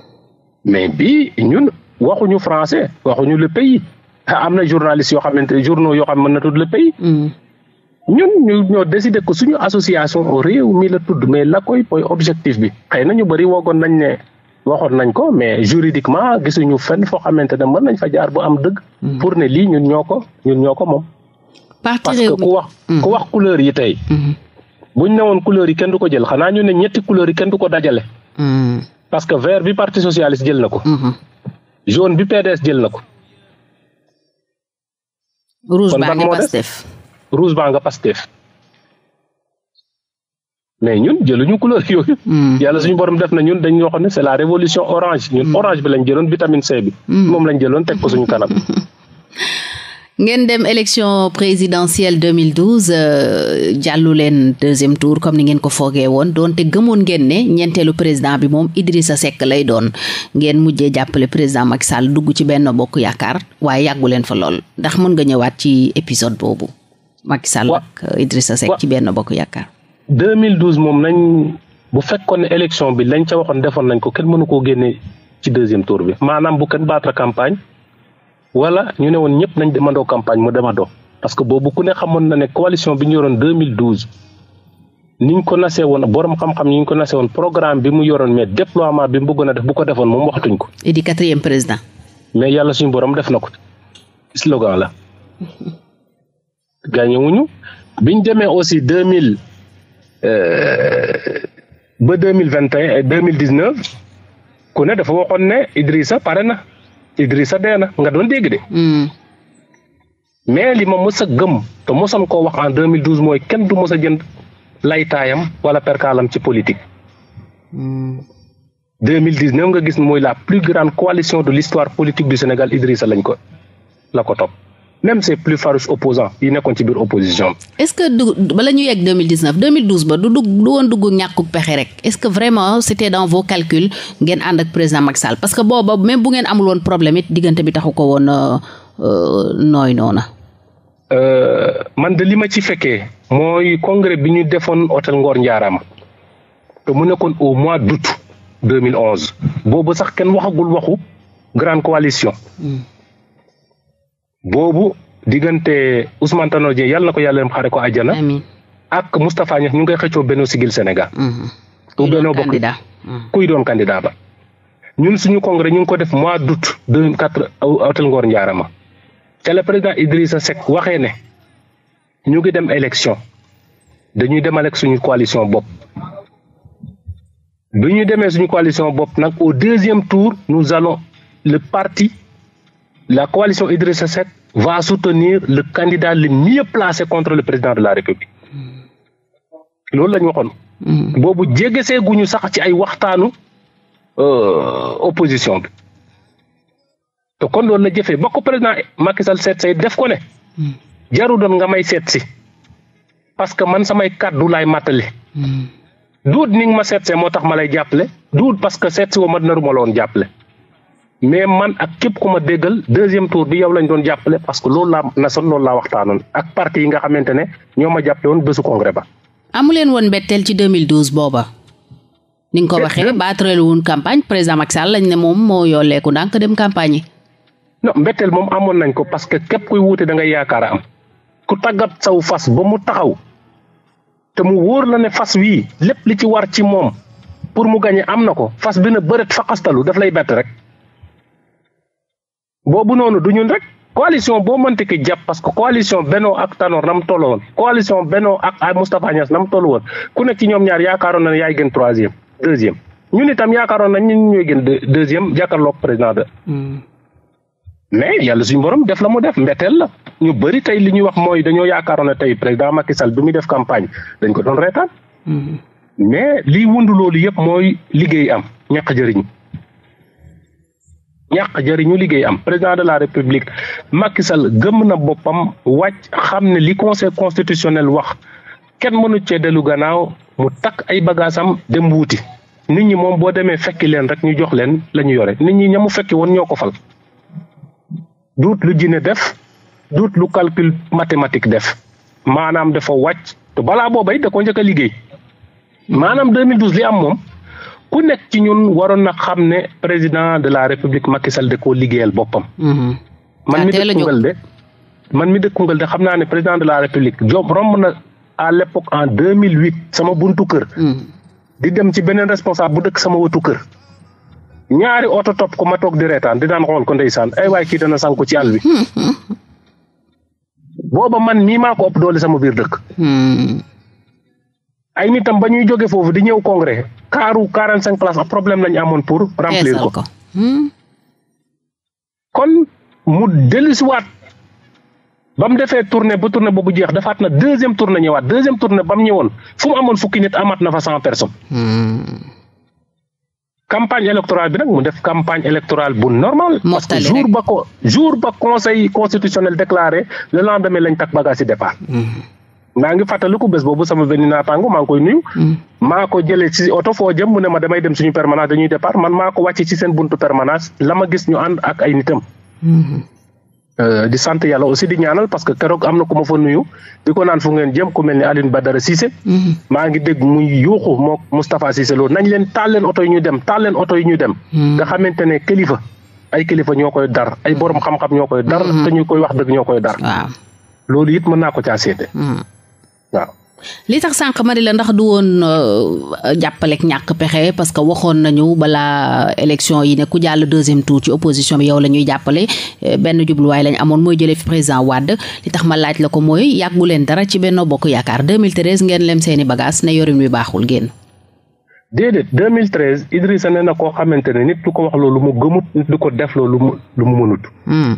mais bii ñun waxuñu français waxuñu le pays am na journaliste yoo xamante journaux yoo xam mën na tudd le pays. Mm-hmm. ñun ñu ñoo décidé ko suñu association réew mi la tudd mais la koy mooy objectif bi xëy nañu ñu bëri woogoon nañ ne waxoon nañ ko mais juridiquement gisuñu fenn foo xamante ne mën nañ fa jaar bu am dëgg. Mm. pour ne lii ñun ñoo ko ñun ñoo ko moom. parce que ku wax mm. ku wax couleur yi tey. Mm-hmm. buñ ne woon couleur yi kenn du ko jël xanaa ñu ne ñetti couleur yi kenn du ko dajale. Mm. parce que vert bi parti socialiste jël na ko. Mm-hmm. jaune bi PDS jël na ko. rouge baa ngi Pastef. rouge baa nga Pastef mais ñun jëluñu couleur yooyu. Hmm. yàlla suñu borom def na ñun dañu waxoon ne c'est la révolution orange. ñun hmm. orange bi lañ jëloon vitamine C bi. Hmm. moom lañ jëloon teg ko suñu kanam. ngeen dem élection présidentielle 2012 euh, jàllu leen deuxième tour comme ni ngeen ko foogee woon doonte gëmoon ngeen ne ñeenteelu président bi moom Idrissa Seck lay doon ngeen mujjee jàppale président Macky Sall dugg ci benn bokk yaakaar waaye yàggu leen fa lool ndax mën nga ñëwaat ci épisode boobu. Macky Sall ak Idrissa Seck ci benn bokk yaakaar. 2012 moom nañ bu fekkoon ne élection bi lañ ca waxoon defoon nañ ko kenn mënu koo génne ci deuxième tour bi maanaam bu kenn battre campagne wala ñu ne woon ñëpp nañ demandoo campagne mu demandoo parce que boobu ku ne xamoon na ne coalition bi ñu yoroon 2012 niñ ko nase woon borom xam-xam ñu ñu ko nasee woon programme bi mu yoroon mais déploiement bi mu bëggoon a def bu ko defoon moom waxatuñ ko. et di quatrième président. mais yàlla suñu borom def na ko slogan la. gagné wuñu biñ demee aussi deux mille euh, ba deux mille vingt et un et deux mille dix neuf ku ne dafa waxoon ne Idrissa pare na Idrissa dee na nga doon dégg de. Hmm. mais li ma mës gëm te mësoon koo wax en deux mille douze mooy kenn du mës a jënd laytaayam wala perkaalam ci politique. Hmm. deux mille dix neuf nga gis mooy la plus grande coalition de l'histoire politique du Sénégal Idrissa lañ ko la ko topp. même ses plus farouches opposants yi nekkoon ci biir opposition est-ce que du bala ñu yegg 2019 2012 ba du dugg du woon dugg ñàkkuk pexe rek est-ce que vraiment c'était dans vos calculs ngeen ànd ak président Macky Sall parce que booba même bu ngeen amul woon problème it diggante bi taxu ko woon euh, euh, nooy noona euh, man de li ma ci fekkee mooy congrès bi ñuy defoon hôtel Ngor Ndiarama te mu nekkoon au mois d'août 2011 boobu sax kenn waxagul waxu grande coalition. Mm. boobu diggante Ousmane Tanor Dieng yàlla na ko yàlla dem xare ko àjjana. amiin ak Moustapha Niass ñu ngi koy xëccoo benn sigil Sénégal. Mhm. kuy doon candidat mhm. kuy doon candidat ba. ñun suñu congrès ñu ngi ko def mois d'août deux quatre hôtel Ngor Ndiarama te le président Idrissa waxee ne ñu ngi dem élection dañuy demal suñu coalition bopp bi ñu demee suñu coalition bopp nag au deuxième tour nous allons le parti la coalition Idrissa Seck va soutenir le candidat le mieux placé contre le président de la République loolu la ñu waxoon. Mm-hmm. boobu jégesee guñu sax ci ay waxtaanu euh, opposition bi te kon loolu na jëfee ba ko président Macky Sall seet say def ko ne. Mm-hmm. jaru doon nga may seet si parce que man samay kaddu laay màttali. Mm-hmm. duut ni nga ma seet see moo tax ma lay jàppale duut parce que seet si woo ma dina ru ma la jàppale. mais man ak képp ku ma déggal deuxième tour bi yow lañu doon jàppale parce que loolu laa nasoon loolu laa waxtaanoon ak parti yi nga xamante ne ñoo ma jàppale woon bésu congrès ba. amu leen woon mbetteel ci 2012 booba. ni nga ko waxee baatareel woon campagne président Macky Sall lañ ne moom moo yooleeku ndànk dem campagne yi. mbetteel moom amoon nañ ko parce que képp koy wuute da ngay yaakaar am. ku tàggat saw fas ba mu taxaw te mu wóor la ne fas wii lépp li ci war ci moom pour mu gañe am na ko fas bi na bërët faqastalu daf lay bett rek. boobu noonu du ñun rek coalition boo mënti ki jàpp parce que coalition Benno ak Tanor nam toll woon coalition Benno ak ay Moustapha Niass nam toll woon ku nekk ci ñoom ñaar yaakaaroon na yaay gën troisième deuxième ñun itam yaakaaroon nañ ñun ñooy gën deuxième jàkkaarloog président de. Hmm. mais yàlla suñu borom def la mu def mbeteel la ñu bëri tey li ñuy wax mooy dañoo yaakaaroon ne tey président Macky Sall bi muy def campagne dañ ko doon reetaan. Hmm. mais liy wund loolu yëpp mooy liggéey am ñàkk jëriñ. ñàq jëriñu liggéey am président de la république Macky Sall gëm na boppam wàcc xam ne li conseil constitutionnel wax kenn mënu cee dellu gannaaw mu takk ay bagaasam dem wuuti nit ñi moom boo demee fekki leen rek ñu jox leen la ñu yore nit ñi ña mu fekki woon ñoo ko fal duut lu jinne def duut lu calcul mathématique def maanaam dafa wàcc te balaa boobay da ko njëkk a liggéey maanaam li am moom ku nekk ci ñun waroon na xam ne président de la république Macky Sall da koo liggéeyal boppam. Mm-hmm. man ah, mi dëkk de man mi dëkk Koungheul de xam naa ne président de la république Diop romb na à l'époque en 2008 sama buntu kër. Mm-hmm. di dem ci beneen responsable bu dëkk sama wetu kër. ñaari oto topp ko ma toog di reetaan di daan xool ko ndeysaan ay waay kii dana sànku ci àll bi. Mm-hmm. booba man mii maa ko doole sama biir dëkk. ay am ba ñuy jogee foofu di ñëw congrès kaaru quarante cinq places ak problème lañu amoon pour remplir ko hmm. kon mu dellusiwaat ba mu defee tournée ba tournée boobu jeex defaat na deuxième tournée ñëwaat deuxième tournée ba mu ñëwoon fu mu amoon fukki nit amaat na fa cent personnes. Hmm. campagne électorale bi nag mu def campagne électorale bu normal parce que jour ba jour ba conseil constitutionnel déclaré le lendemain lañ takk bagage si maa ngi fàttaliku bés boobu sama benn naataango maa ngi koy nuyu. Mm. maa ko jële ci oto foo jëm mu ne ma damay dem suñu permanence dañuy départ man maa ko wàcce ci seen buntu la ma gis ñu ànd ak ay nitam. Mm-hmm. Euh, di sant yàlla aussi di ñaanal parce que keroog am na ku ma fa nuyu ko naan fu ngeen jëm ku mel ni Alioune Badara Cissé. Mm-hmm. maa ngi dégg mu yuuxu moo Moustapha Cissé loolu nañ leen taal leen oto yi ñu dem taal leen oto yi ñu dem. Mm-hmm. nga xamante ne kilifa ay kilifa ñoo koy dar ay borom xam-xam ñoo koy dar. te ñu koy wax dëgg ñoo koy dar. loolu it mën naa ko caa seete. Mm. waaw. li tax sànq ma ne la ndax du woon euh, jàppalek ñàkk pexe parce que waxoon nañu balaa élection yi ne ku jàll deuxième tour ci opposition bi yow la ñuy jàppale euh, benn jubluwaay lañ amoon mooy jëlee fi président Wade li tax ma laaj la ko mooy yàgguleen dara ci Benno Bokk Yaakaar 2013 ngeen lem seeni bagage ne yorin wi baaxul génn. déedéet 2013 Idrissa ne na koo xamante ne nit du ko wax loolu mu gëmut nit du ko def loolu mu lu mu mënut. Hmm.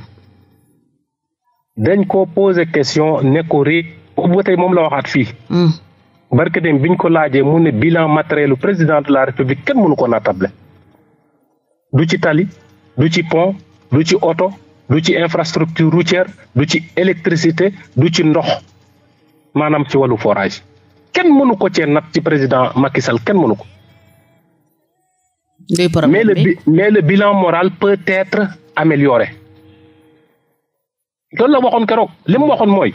dañ ko boobu ba tey moom la waxaat fii. Hmm. barke dem biñ ko laajee mu ne bilan matériel président de la république kenn mënu ko naatable du ci tali du ci pont du ci oto du ci infrastructure routière du ci électricité du ci ndox maanaam ci wàllu forage kenn mënu ko cee nat ci président Macky Sall kenn mënu ko. mais le mais bilan moral peut être amélioré. loolu la waxoon keroog li mu waxoon mooy.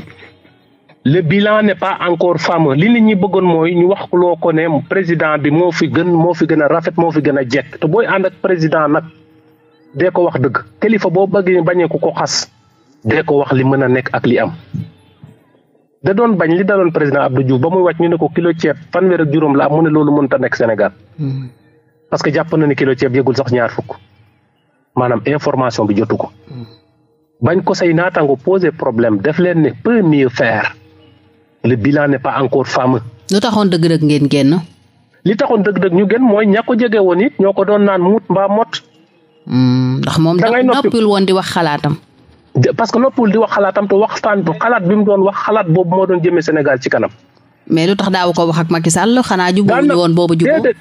le bilan n'est pas encore fameux li nit ñi bëggoon mooy ñu wax loo ko ne président bi moo fi gën moo fi gën a rafet moo fi gën a jekk te booy ànd ak président nag dee ko wax dëgg kilifa boo bëggee bañee ku ko xas dee ko wax li mën a nekk ak li am. da doon bañ li daloon président Abdou Diouf ba muy wàcc ñu ne ko kilo ceeb fanweer ak juróom la am mu loolu mënut a nekk Sénégal. Hmm. parce que jàpp na ni kilo ceeb yëgul sax ñaar fukk maanaam information bi jotu ko. Hmm. bañ ko say naataango poser problème def leen ne peut mieux le bilan n'est pas encore fameux. lu taxoon dëgg-dëgg ngeen génn. li taxoon dëgg-dëgg ñu génn mooy ña ko jege woon it ñoo ko doon naan mut mbaa mot. Hmm, ndax moom noppiwul woon di wax xalaatam. parce que noppiwul di wax xalaatam te waxtaan bu xalaat bi mu doon wax xalaat boobu moo doon jëmee Sénégal ci kanam. mais lu tax daaw ko wax ak Macky Sall xanaa jubóo ñu woon boobu jubóo déedéet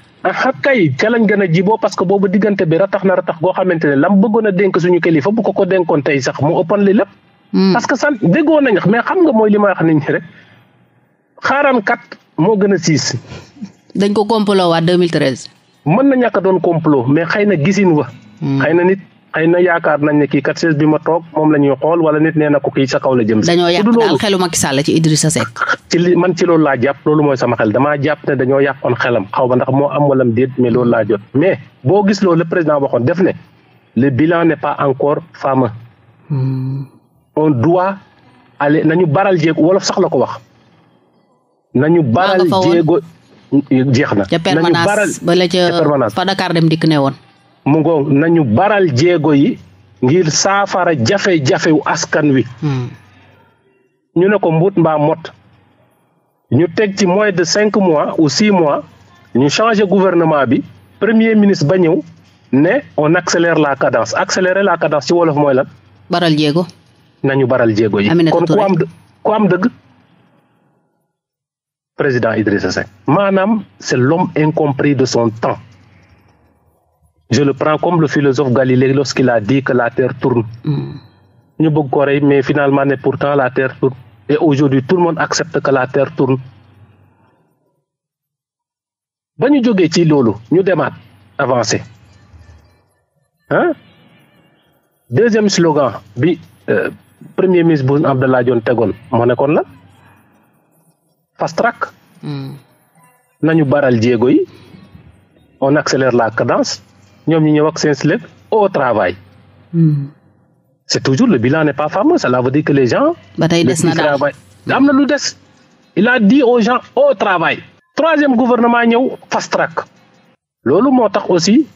kay ca lañ gën a jiboo parce que boobu diggante bi ratax na ratax goo xamante ne lam bëggoon a dénk kilifa bu ko ko dénkoon tey sax mu ëppoon li lépp. Hmm. parce que sant déggoo xam nga mooy li ma wax nit rek xaaraan kat moo gën a siis. dañ ko complot waa 2013. mën na ñàkk doon complot mais xëy na gisin wa. Hmm. xëy na nit xay na yaakaar nañ ne kii kat sees bi ma toog moom la ñuy xool wala nit nee na ko kii sa kaw la jëm. dañoo yàq daal xelu Macky Sall ci Idrissa man ci laa jàpp mooy sama xel damaa jàpp ne dañoo yàqoon xelam xaw ma ndax moo am walam déet mais loolu laa jot mais boo gis loolu le président waxoon def ne le bilan n'est pas encore fameux. Hmm. on doit aller nañu baral jéeg wolof sax la ko wax. nañu baral jéego jeex na nañu baral permanence fa Dakar dem dikk ne woon mu ngoog nañu baral jéego yi ngir saafara jafe-jafewu askan wi hmm. ñu ne ko mbuut mbaa mot ñu teg ci moins de cinq mois ou six mois ñu changé gouvernement bi premier ministre ba ñëw ne on accélère la cadence accélérer la cadence ci wolof mooy lan. baral jéego. nañu baral jéego yi. kon ku am dëgg. président Idrissa Seck maanaam c'est l'homme incompris de son temps je le prends comme le philosophe Galilée lorsqu'il a dit que la terre tourne hmm. ñu bëgg ko rey mais finalement ne pourtant la terre tourne et aujourd'hui tout le monde accepte que la terre tourne ba ñu jógee ci loolu ñu demaat avancé ah deuxième slogan bi euh, premier ministre Boun Abdallah Dionne tegoon moo nekkoon la fast track. Hmm. nañu baral jéego yi on accélère la cadence ñoom ñu ñëw ak seen slip au travail. Mm. c' est toujours le bilan n' est pas fameux cela veut dire que les gens. ba tey des na daal am na lu des. il a dit au gens au travail. troisième gouvernement ñëw fast loolu moo tax aussi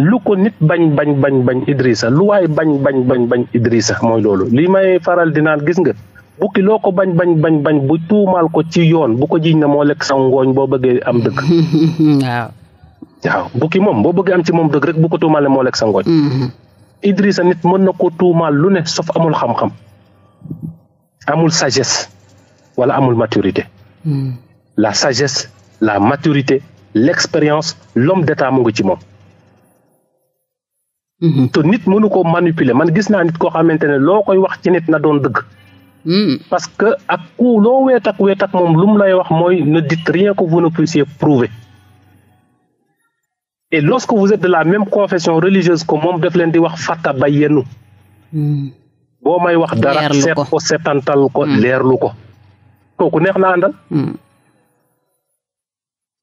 lu ko nit bañ bañ bañ bañ Idrissa lu waaye bañ bañ bañ bañ Idrissa mooy loolu li may faral di naan gis nga. bukki loo ko bañ bañ bañ bañ bu tuumaal ko ci yoon bu ko jiiñ na moo lekk saw ngooñ boo bëggee am dëgg waaw waaw bukki moom boo bëggee am ci moom dëgg rek bu ko tuumaal ne moo lekk sa ngooñ mm-hmm. Idrissa nit mën na ko tuumaal lu ne sauf amul xam-xam amul sages wala amul maturité mm-hmm. la sagesse la maturité l'expérience l'homme d'état mu ngi ci moom mm-hmm. te nit mënu ko manipuler man gis naa nit koo xamante ne loo koy wax ci nit na doon dëgg Hmm. parce que ak ku loo weet ak moom lu mu lay wax mooy ne dites rien que vous ne puissiez prouver et lorsque vous êtes de la même confession religieuse ko moom daf leen di wax fàtta bayyenu hmm. boo may wax dara seet ko seetantal ko hmm. leerlu ko kooku neex na àndal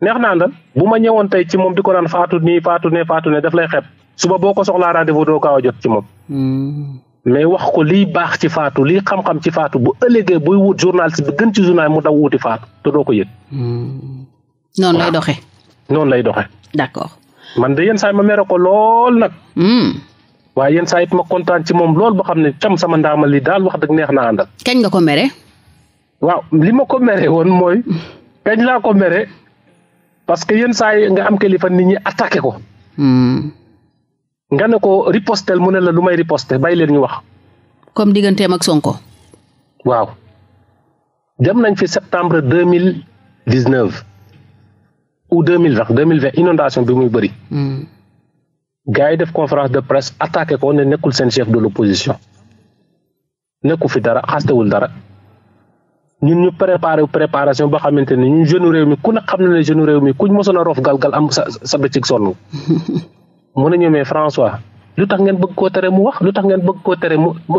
neex na àndal bu ma ñëwoon tey ci moom di ko naan faatu nii faatu ne faatu ne daf lay xeeb suba boo ko soxlaa rendez-vous doo gaaw a jot ci moom mais wax ko liy baax ci faatu liy xam-xam ci faatu bu ëllëgee buy wut journaliste bi gën ci journal mu daw wuti faatu te doo ko yëg. Hmm. noonu lay doxe noonu lay doxe d'accord. man de yenn saa ma mere ko lool nag. Hmm. waaye yenn saa it ma kontaan ci moom lool boo xam ne cam sama ndaama li daal wax dëgg neex na àndal. kañ nga ko mere. waaw li ma ko mere woon mooy. kañ laa ko mere parce que yenn saa nga am kilifa nit ñi attaqué ko. Hmm. nga ne ko ripostel mu ne la du may riposte bay leen ñu wax. comme digganteem ak Sonko. waaw dem nañ fi septembre deux mille dix neuf ou mille vingt deux mille vingt inondation bi muy bëri. Hmm. gaa yi def conférence de presse attaqué ko ne nekkul seen chef de l' opposition nekku fi dara xastewul dara ñun ñu préparé préparation ba xamante ne ñun jeune réew mi ku ne xam na ne jeune réew mi kuñ mosoon a roof galgal am sa sa son sonn. mu ne ñu mais François lu tax ngeen bëgg koo tere mu wax lu tax ngeen bëgg koo tere mu mu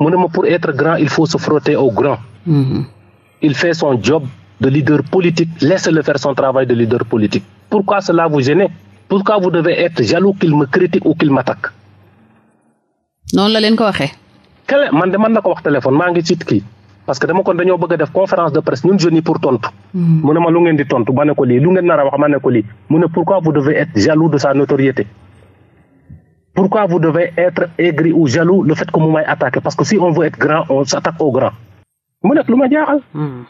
mu ne ma pour être grand il faut se frotter au grand. Mm-hmm. il fait son job de leader politique laissez-le faire son travail de leader politique. pourquoi cela vous gêne pourquoi vous devez être jaloux qu'il me critique ou qu'il m'attaque. noonu la leen ko waxee. kele man de mën na ko wax téléphone maa ngi ci kii. parce que dama kon dañoo bëgg a def conférence de presse ñun jeunes yi pour tontu. Hmm. mu ne ma lu ngeen di tontu ba lii lu ngeen nar a wax ma lii mu ne pourquoi vous devez être jaloux de sa notoriété. pourquoi vous devez être aigri ou jaloux le fait que mu may attaqué parce que si on veut être grand on s'attaque au grand. mu nekk lu ma jaaxal. Hmm.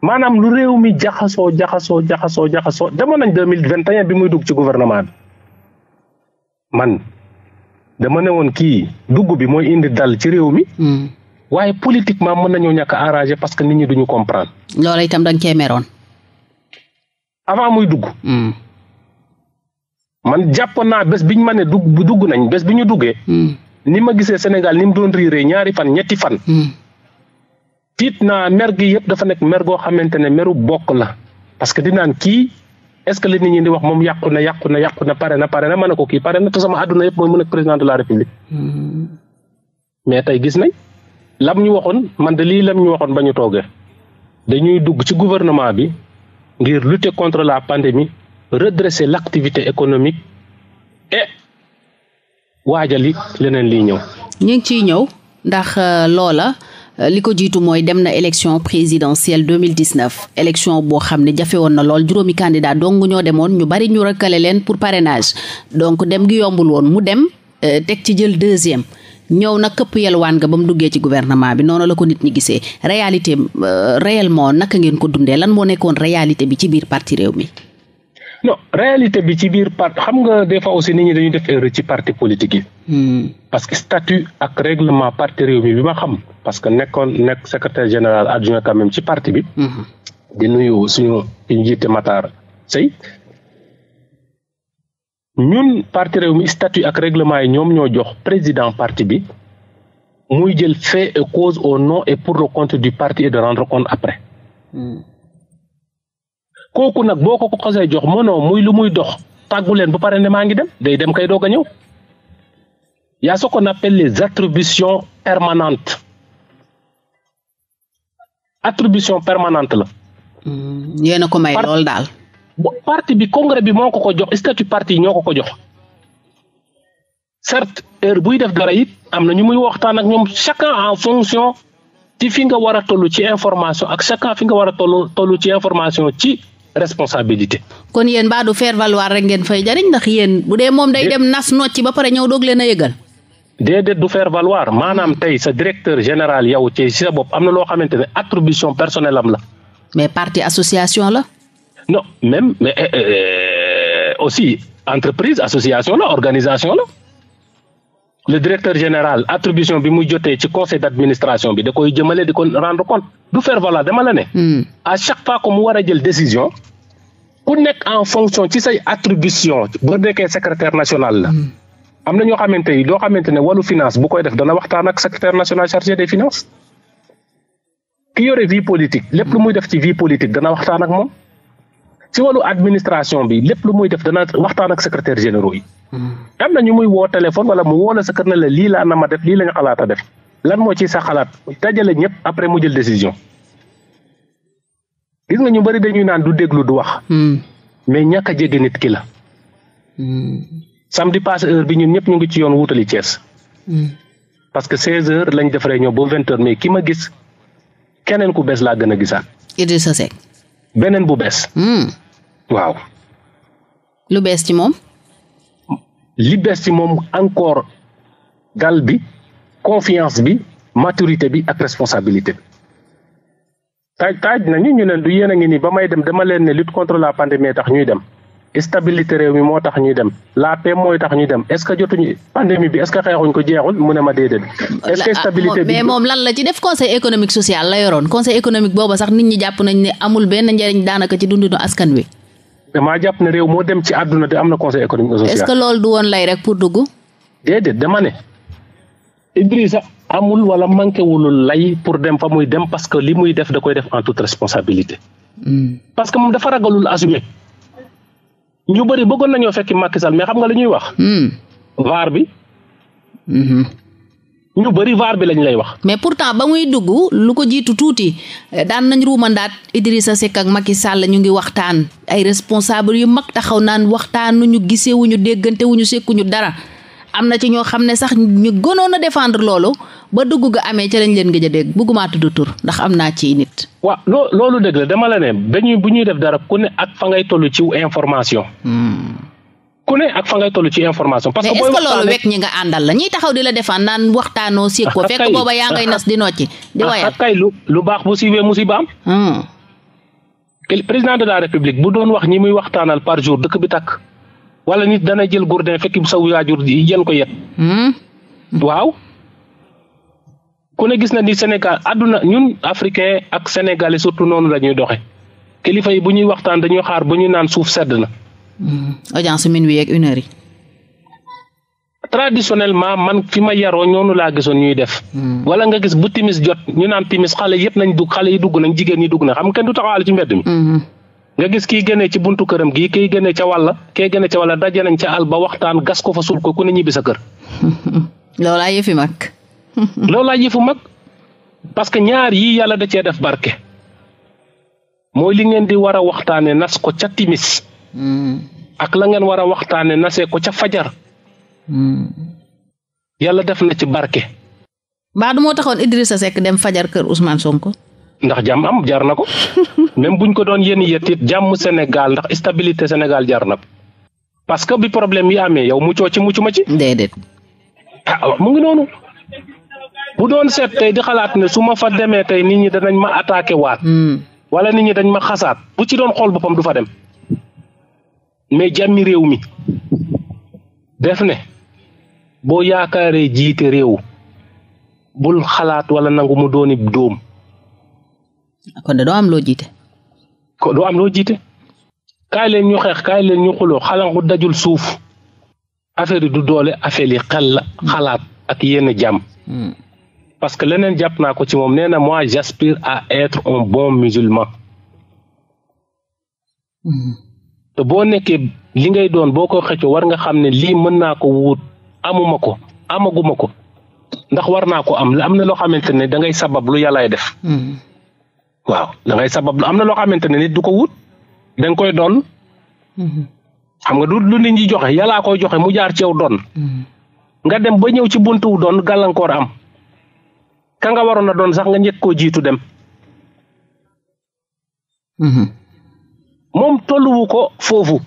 maanaam lu réew mi jaxasoo jaxasoo jaxasoo jaxasoo demoon nañ deux mille vingt et bi muy dugg ci gouvernement bi man dama ne woon kii dugg bi mooy indi dal ci waaye politiquement mën nañoo ñàkk a parce que nit ñi duñu comprendre. loola itam da nga cee avant muy dugg. Hmm. man jàppoon naa bés ñu ma ne dugg bu dugg nañ bés bi ñu duggee. Hmm. ni ma gisee Sénégal ni mu doon riiree ñaari fan ñetti fan. Hmm. tiit naa mer gi yëpp dafa nekk mer goo xamante ne meru bokk la parce que dinaan kii est-ce que li nit ñi di wax moom yàqu na yàqu na yàqu na pare na pare na ma ne ko kii pare na te sama àdduna yëpp mooy mu nekk président de la république. mais tey gis nañ. lam ñu waxoon man de lii lam ñu waxoon ba ñu toogee dañuy dugg ci gouvernement bi ngir lutter contre la pandémie redresser l'activité économique et waajali leneen liy ñëw. ñu ngi ciy ñëw ndax euh, loola euh, li ko jiitu mooy dem na élection présidentielle 2019 élection boo xam ne jafewoon woon na lool juróomi candidat dong ñoo demoon ñu bari ñu rakkale leen pour parenage donc dem ngi yombul woon mu dem euh, teg ci jël deuxième. ñëw na këpp yelwaan nga ba mu duggee ci gouvernement bi noonu la ko nit ñi gisee réalité euh, réellement naka ngeen ko dundee lan moo nekkoon réalité bi ci biir parti réew mi. non réalité bi ci biir parti xam nga des fois aussi nit ñi dañuy def erreur ci parti politique yi. Hmm. parce que statut ak réglement parti réew mi bi ma xam. parce que nekkoon nekk secrétaire général adjoint quand même ci parti bi. Mm -hmm. di nuyu suñu njiite Matar Sey ñun parti réew mi statut ak règlement yi ñoom ñoo jox président parti bi muy jël fait et cause au non et pour le compte du parti et de rendre compte après kooku nag boo ko ko xasee jox mënoo muy lu muy dox tàggu leen ba pare ne maa ngi dem day dem kay doog a ñëw yaa a ce qu'on appelle les attributions permanentes attribution permanente la. Hmm, yéen a ko may lool daal. parti bi congrès bi moo ko ko jox statut parti yi ñoo ko ko jox certes heure buy def dara it am na ñu muy waxtaan ak ñoom chacun en fonction ci fi nga war a toll ci information ak chacun fi nga war a toll toll ci information ci responsabilité. kon yéen baa du faire valoir rek ngeen fay jariñ ndax yéen bu dee moom day dem nas noot ci ba pare ñëw doog leen a yëgal. déedéet du faire valoir maanaam tey sa directeur général yow ci sa bopp am na loo xamante ne attribution personnelle am la. mais parti association la. non même mais euh, euh, aussi entreprise association la organisation la le directeur général attribution bi muy jotee ci conseil d' bi da koy jëmale di kon rendre compte du faire voilà dama la ne. Mm. à chaque fois que mu war a jël décision ku nekk en fonction ci say attribution boo nekkee secrétaire national la. Hmm. am na ñoo xamante ni loo xamante ne walu finance bu koy def dana waxtaan ak secrétaire national chargé des finances ki yore vie politique lépp lu muy def ci vie politique dana waxtaan ak moom. ci wàllu administration bi lépp lu muy def dana waxtaan ak secrétaire généraux yi. Hmm. am na ñu muy woo téléphone wala mu woo la sa kër ne la lii laa na ma def lii la ñu xalaat a def lan moo ci sa xalaat dajale ñëpp après mu jël décision. gis nga ñu bari dañuy naan du déglu du wax. Hmm. mais ñàkk a jege nit ki la. Hmm. samedi passé heure bi ñun ñëpp ñu ngi ci yoon wutali Thiès. parce que 16 heures lañ defaree réunion ba 20 heures mais ki ma gis keneen ku bees laa gën a gisaan Idrissa beneen bu bees. Hmm. waaw. lu bees ci moom. li bees ci moom encore dal bi confiance bi maturité bi ak responsabilité bi. taaj taaj nañu ñu leen du yéen a ngi nii ba may dem dama leen lut lutte contre la pandémie tax ñuy dem. stabilité réew mi moo tax ñuy dem la paix mooy tax ñuy dem est-ce que jotuñu pandémie bi est-ce que jeexul mu ne ma déedéet. Ah, bi mais moom lan la ci def conseil économique social la yoroon conseil économique booba sax nit ñi jàpp nañ ne amul benn njariñ daanaka ci dundinu askan wi. damaa jàpp ne réew moo dem ci àdduna de am na conseil économique social. est-ce que loolu du woon lay rek pour dugg. déedéet dama ne Idrissa amul wala manqué lay pour dem fa muy dem parce que li muy def da koy def en toute responsabilité. Hmm. parce ñu bëri bëggoon nañoo fekki Macky Sall mais xam nga li ñuy wax. Hmm. vaar bi. Hmm. ñu bëri vaar bi lañ lay wax. mais pourtant ba muy dugg lu ko jiitu tuuti daan nañ ruumandaat Idrissa Seck ak Macky Sall ñu ngi waxtaan ay responsable yu mag taxaw naan waxtaanu ñu gisee wu ñu déggante wu ñu sekku ñu dara am na ci ñoo xam ne sax ñu gënoon a défendre loolu ba dugg ga amee ca lañ leen gëj ja dégg bëggumaa tudd tur ndax am naa ci nit. waaw loo loolu dëgg la dama la ne dañuy bu ñuy def dara ku ne ak fa ngay toll ci information. Hmm. ku ne ak fa ngay tollu ci information. parce que booy waxtaanee mais est loolu wekk ñi nga àndal la ñiy taxaw di la defaan naan waxtaanoo si ko ah, ah, fekk booba yaa ngay ah, nas di nocci. di wayal kay lu baax bu siiwee musiba am. Hmm. président de la république bu doon wax ñi muy waxtaanal par jour dëkk bi takk wala nit dana jël gourdin fekk sa waajur yi jël ko yet. Hmm. ku ne gis na ni Sénégal àdduna ñun africain ak sénégalais surtout noonu la ñuy doxee kilifa yi bu ñuy waxtaan dañuy xaar bu ñuy naan suuf sedd na. Hmm. audience minuit ak une heure yi. man fi ma yaroo ñoonu laa gisoon ñuy def. Hmm. wala nga gis bu timis jot ñu naan timis xale yëpp nañ dugg xale yi dugg nañ jigéen ñi dugg na xam kenn du taxawaale ci mbedd mi. Hmm. nga gis kii génnee ci buntu këram gii kii génnee ca walla kee génnee ca wàll daja nañ ca àll ba waxtaan gas ko fa suul ko ku ne ñibbi sa kër. loolaay loolaay yëfu mag parce que ñaar yii yàlla da cee def barke mooy li ngeen di war a waxtaane nas ko ca timis mm. ak la ngeen war a waxtaane nasee ko ca fajar mm. yàlla def na ci barke mbaa du moo taxoon Idrissa Seck dem fajar kër Ousmane Sonko ndax jàmm am jar na ko même buñ ko doon yéen yettit jàmm Sénégal ndax stabilité Sénégal jar na ko parce que bi problème yi amee yow muccoo ci mucc ci déedéet ah mu ngi noonu bu doon seet tey di xalaat ne su ma fa demee tey nit ñi danañ ma attaqué waat. Hmm. wala nit ñi dañ ma xasaat bu ci doon xool boppam du fa dem mais jàmmi réew mi def ne boo yaakaaree jiite réew bul xalaat wala nangu mu dooni dóom. kon da doo am loo jiite. ko doo am loo jiite. kaay leen ñu xeex kaay leen ñu xuloo xalangu dajul suuf affaire yi du doole affaire yi xel la xalaat ak yenn jàmm. Hmm. parce que leneen jàpp naa ko ci moom nee na moi j'aspire à être un bon musulman mm-hmm. te boo nekkee li ngay doon boo ko xëccoo war nga xam ne lii mën naa ko wut amuma ko amaguma ko ndax war naa ko am la am na loo xamante ne dangay ngay sabab lu yàllaay def mm-hmm. waaw da sabab lu am na loo xamante ne nit du ko wut da koy doon mm-hmm. xam nga du lu nit ñi joxe yàllaa koy joxe mu jaar ci yow doon nga dem ba ñëw ci buntu wu doon gàllankoor am ka nga waroon a doon sax nga njëkk koo jiitu dem. Mhm. moom tolluwu ko foofu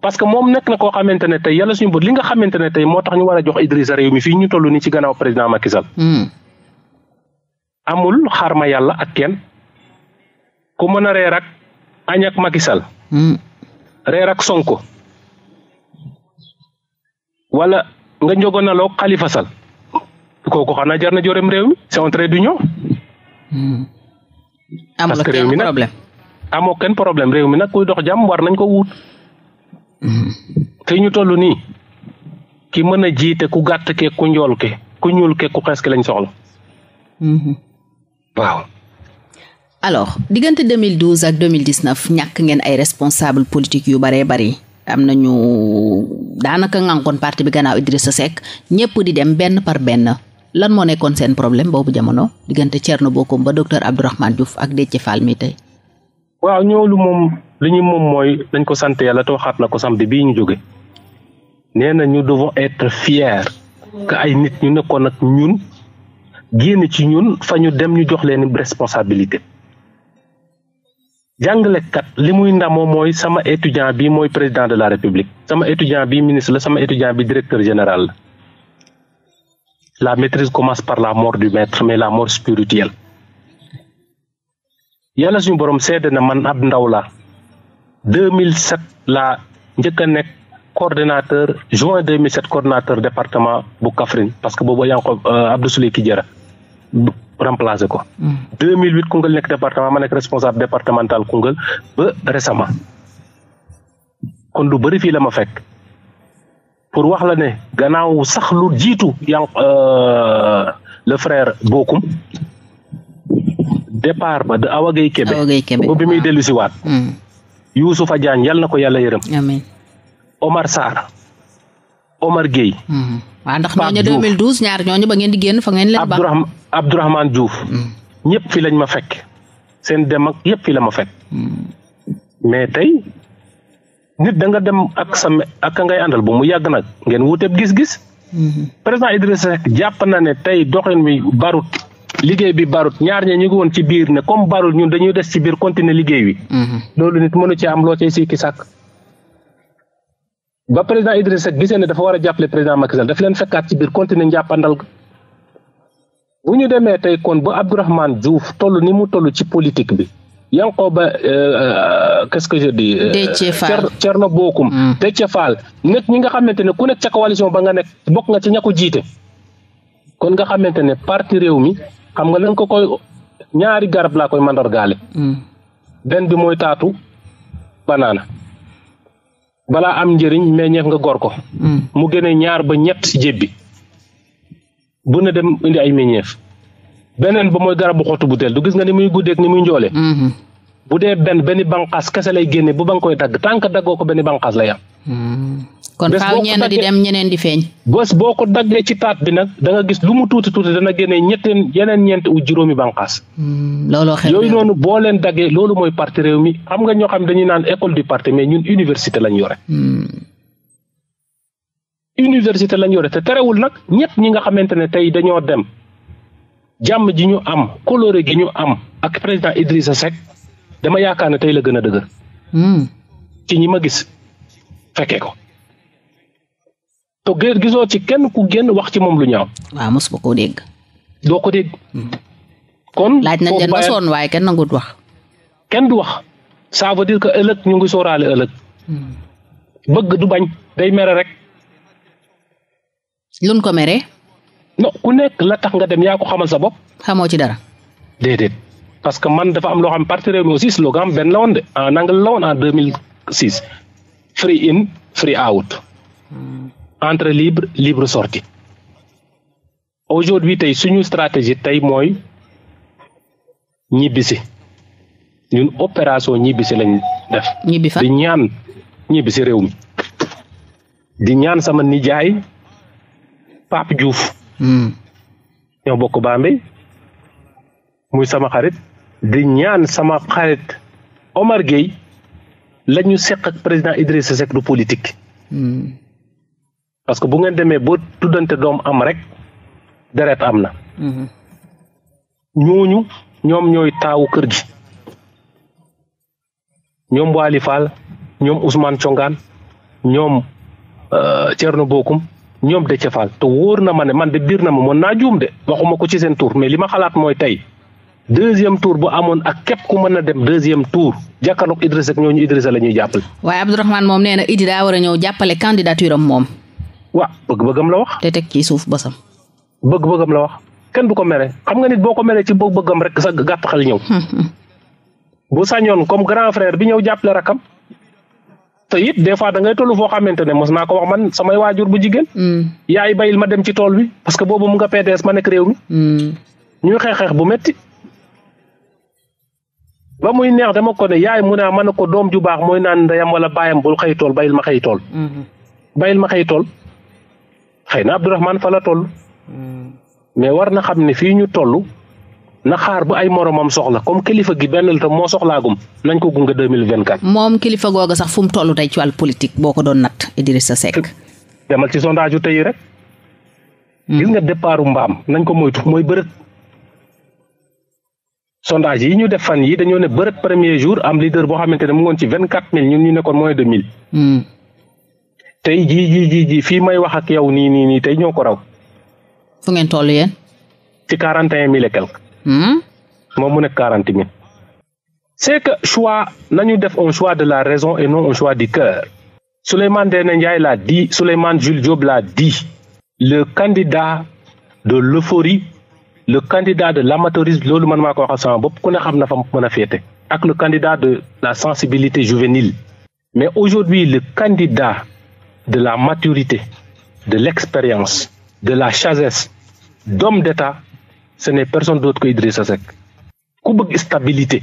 parce que moom nekk na koo xamante ne tey yàlla suñu li nga xamante ne tey moo tax ñu war a jox Idrissa réew mi fii ñu toll ni ci gannaaw président Macky Sall. Mhm. amul xaar ma yàlla ak kenn ku mën a reer ak añ ak Macky Sall. Mhm. reer ak Sonko wala nga njogonaloo Khalifa Sall. kooku xanaa jar na jorem réew mi c'est un trait d'union. Hmm. amuloo kenn problème amoo kenn problème réew mi nag kuy dox jàmm war nañ ko wut. fii ñu toll nii ki mën a jiite ku gàtt ke ku njool ke ku ñuul ke ku xees ke lañ soxla. Hmm. waaw. alors diggante 2012 ak 2019 ñàkk ngeen ay responsable politique yu baree bari am na ñu daanaka ngànkoon parti bi gannaaw Idrissa Seck ñëpp di dem benn par benn. lan moo nekkoon seen problème boobu jamono diggante Thierno Bocoum ba docteur Abdourahmane Diouf ak Déthié Fall mi tey. waaw ñoolu moom li ñu moom mooy dañ ko sant yàlla te waxaat na ko samedi bii ñu jóge nee na ñu devons être fiers que ay nit ñu nekkoon ak ñun génn ci ñun fa ñu dem ñu jox leen responsabilité. jàngalekat li muy ndamoo mooy sama étudiant bi mooy président de la république sama étudiant bi ministre la sama étudiant bi directeur général la. la maîtrise commence par la mort du maître mais la mort spirituelle yàlla suñu borom seede na man ab ndaw la 2007 la njëkk a nekk coordinateur juin 2007 coordonnateur département bu Kaffrine parce que boobu Yankoba euh, Abdou Souley Kijera ko. Mm. 2008 Koungheul nekk département ma nekk responsable départemental Koungheul ba récemment kon lu bëri fii la ma fekk. pour wax la ne gannaaw sax lu jiitu yan euh, le frère Bokum départ ba de Awa Gueye Kébé. Awa Gueye Kébé si waat. Hmm. Youssoufa Diagne yal na ko yàlla yërëm. amiin Omar Sarr Omar Gueye. Hmm. waaw ndax ñooñu 2012 ñaar ñooñu ba ngeen di génn fa ngeen leen ba. Abdourahmane Diouf. Hmm. ñëpp fi lañ ma fekk seen dem ak yëpp fi ma fekk. mais tey nit da nga dem ak sa ak ka ngay àndal bu mu yàgg nag ngeen wuteeb gis-gis. Mhm. président Idrissa Seck jàpp na ne tey doxin bi barut liggéey bi barut ñaar ña ñu ngi woon ci biir ne comme barut ñun dañuy des ci biir continuer liggéey wi. Mhm. loolu nit mënu ci am loo cay sikki sàkk. ba président Idrissa Seck gisee ne dafa war a jàppale président Macky Sall daf leen fekkaat ci biir continuer njàppandal bu ñu demee tey kon ba Abdourahmane Diouf toll ni mu toll ci politique bi Yankoba ba euh, euh, qu'est-ce que je dis. Euh, Déthié Fall Thierno Bocoum. Mm. Déthié Fall nekk ñi nga xamante ne ku nekk ca coalition ba nga nekk bokk nga ci ña ko jiite. kon nga xamante ne parti réew mi xam nga lañ ko koy ñaari garab laa koy mandargaale. Mm. benn bi mooy taatu banaana balaa am njëriñ meññeef nga gor ko. Mm. mu gënee ñaar ba ñett ci jébbi bu ne dem indi ay meññeef. beneen ba mooy garabu xottu butéel du gis nga ni muy guddeeg ni muy njoole. Mm-hmm. bu dee benn benn banqaas kese lay génne bu ba nga koy dagg tànk daggoo ko benn banqaas lay am. Mm-hmm. kon faaw ñenn di dem ñeneen di feeñ. bés boo ko daggee ci taat bi nag danga gis lu mu tuuti tuuti dana génne ñetteen yeneen ñeent u juróomi banqaas. Mm-hmm. looloo xel yooyu noonu boo leen daggee loolu mooy parti réew mi xam nga ñoo xam dañuy naan école du parti mais ñun université lañ yore. université lañ yore te terewul nag ñett ñi nga xamante ne tey dañoo dem jàmm ji ñu am coloré gi ñu am ak président Idrissa Seck dama yaakaar ne tey la gën a dëgër. Hmm. ci ñi ma gis fekkee ko. te gisoo ci kenn ku génn wax ci moom lu ñaaw. waaw mos ba koo dégg. doo ko dégg. Hmm. kon laaj nañ leen ba sonn waaye kenn nangut wax. kenn du wax ça veut dire que ëllëg ñu ngi sooraale ëllëg. Hmm. bëgg du bañ day mere rek. luñ ko mere. non ku nekk la tax nga dem yaa ko xamal sa bopp. xamoo ci dara. déedéet parce que man dafa am loo xam parti Rewmi aussi slogan am benn la woon de en anglais la woon en 2006 free in free out. Hmm. entrée libre libre sortie aujourd'hui tey suñu stratégie tey mooy ñibbisi ñun opération ñibbisi lañ def. ñibbi fa di ñaan réew mi ñaan sama nijaay Pape Diouf. Hmm. ñoo bokk Bambey muy sama xarit di ñaan sama xarit Omar Gueye la ñu seq ak président Idrissa Seck du politique hmm. parce que bu ngeen demee boo tuddante doom am rek deret am na hmm. ñooñu ñoom ñooy taawu kër gi ñoom Waly ñoom Ousmane Congaan ñoom euh, Thierno Bokum ñoom Déthié Fall te wóor na ma ne man de biir na ma mën naa juum de waxuma ko ci seen tour mais li ma xalaat mooy tey deuxième tour bu amoon ak képp ku mën a dem deuxième tour jàkkaarloog Idrissa ak ñooñu Idrissa la ñuy jàppale. waaye Abdourahmane moom nee na Idi daa war a ñëw jàppale candidature am moom. waaw bëgg-bëggam la wax. te teg ci suuf basam. bëgg-bëggam la wax kenn du ko mere xam nga nit boo ko meree ci bëgg-bëggam rek sa gàtt xel ñëw. bu sañoon comme grand frère bi ñëw te it des fois da ngay toll foo xamante ne mos naa ko wax man samay waajur bu jigéen. Mm. yaay bayil ma dem ci tool bi parce que boobu mu nga PDS ma nekk réew mi. Mm. ñuy xeex xeex bu metti ba muy neex dama ko ne yaay mu ne ma ne ko doom ju baax mooy naan ndeyam wala baayam bul xëy tool bayil ma xëy tool. Mm-hmm. bayil ma xëy tool xëy na Abdourahmane fa la toll. Mm. mais war na xam ne fii ñu toll. na xaar bu ay moromam soxla comme kilifa gi benn la tam moo soxlaagum nañ ko gunge 2024. moom kilifa googa sax fu mu toll tey ci wàllu politique boo ko doon natt Idrissa Seck. demal ci sondage yu tey rek. Hmm. gis nga départu mbaam nañ ko moytu mooy bërët. sondage yi ñu def fan yi dañoo ne bërët premier jour am leader boo xamante ne ci vingt quatre mille ñun ñu nekkoon moins de mille. Hmm. tey jii jii jii fii may wax ak yow nii nii nii tey ñoo ko raw. fu ngeen toll yéen. ci quarante et un quelque. Hmm? moom mu nekk quarante mille. c' que choix nañu def on choix de la raison et non un choix du cœur Souleymane Ndéné Ndiaye l'a dit Souleymane Jules Diop l'a dit le candidat de l'euphorie le candidat de l'amateurisme loolu man maa ko waxal sama bopp ku ne xam na fa mën a féete ak le candidat de la sensibilité juvénile mais aujourd'hui le candidat de la maturité de l'expérience de la sagesse d'homme d'État ce n'est personne d'autre que Idrissa Seck ku bëgg stabilité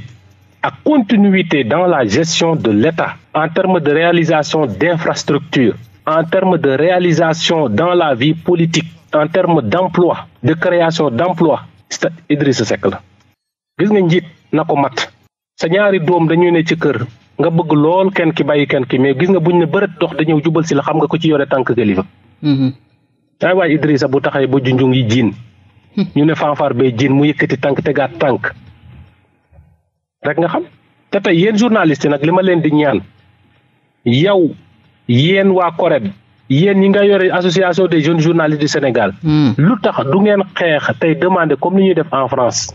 ak continuité dans la gestion de l'État en terme de réalisation d'infrastructures en terme de réalisation dans la vie politique en termes d'emploi de création d'emploi Idrissa Seck la gis nga njiit na ko mat sa ñaari doom dañuy ne ci kër nga bëgg lool kenn ki bàyyi kenn ki mais gis nga buñ ne bërët dox dañëw jubal si la xam nga ko ci yore tànk kilifa. Mm-hmm. ay waay Idrissa bu taxay ba junjung ngi jiin ñu ne fanfar bay jiin mu yëkkati tànk tegaat tànk rek nga xam te tey yéen journaliste nag li ma leen di ñaan yow yéen waa CORED yéen ñi nga yore association des jeunes journalistes du Sénégal. Hmm. lu tax du ngeen xeex tey demande comme li ñuy def en France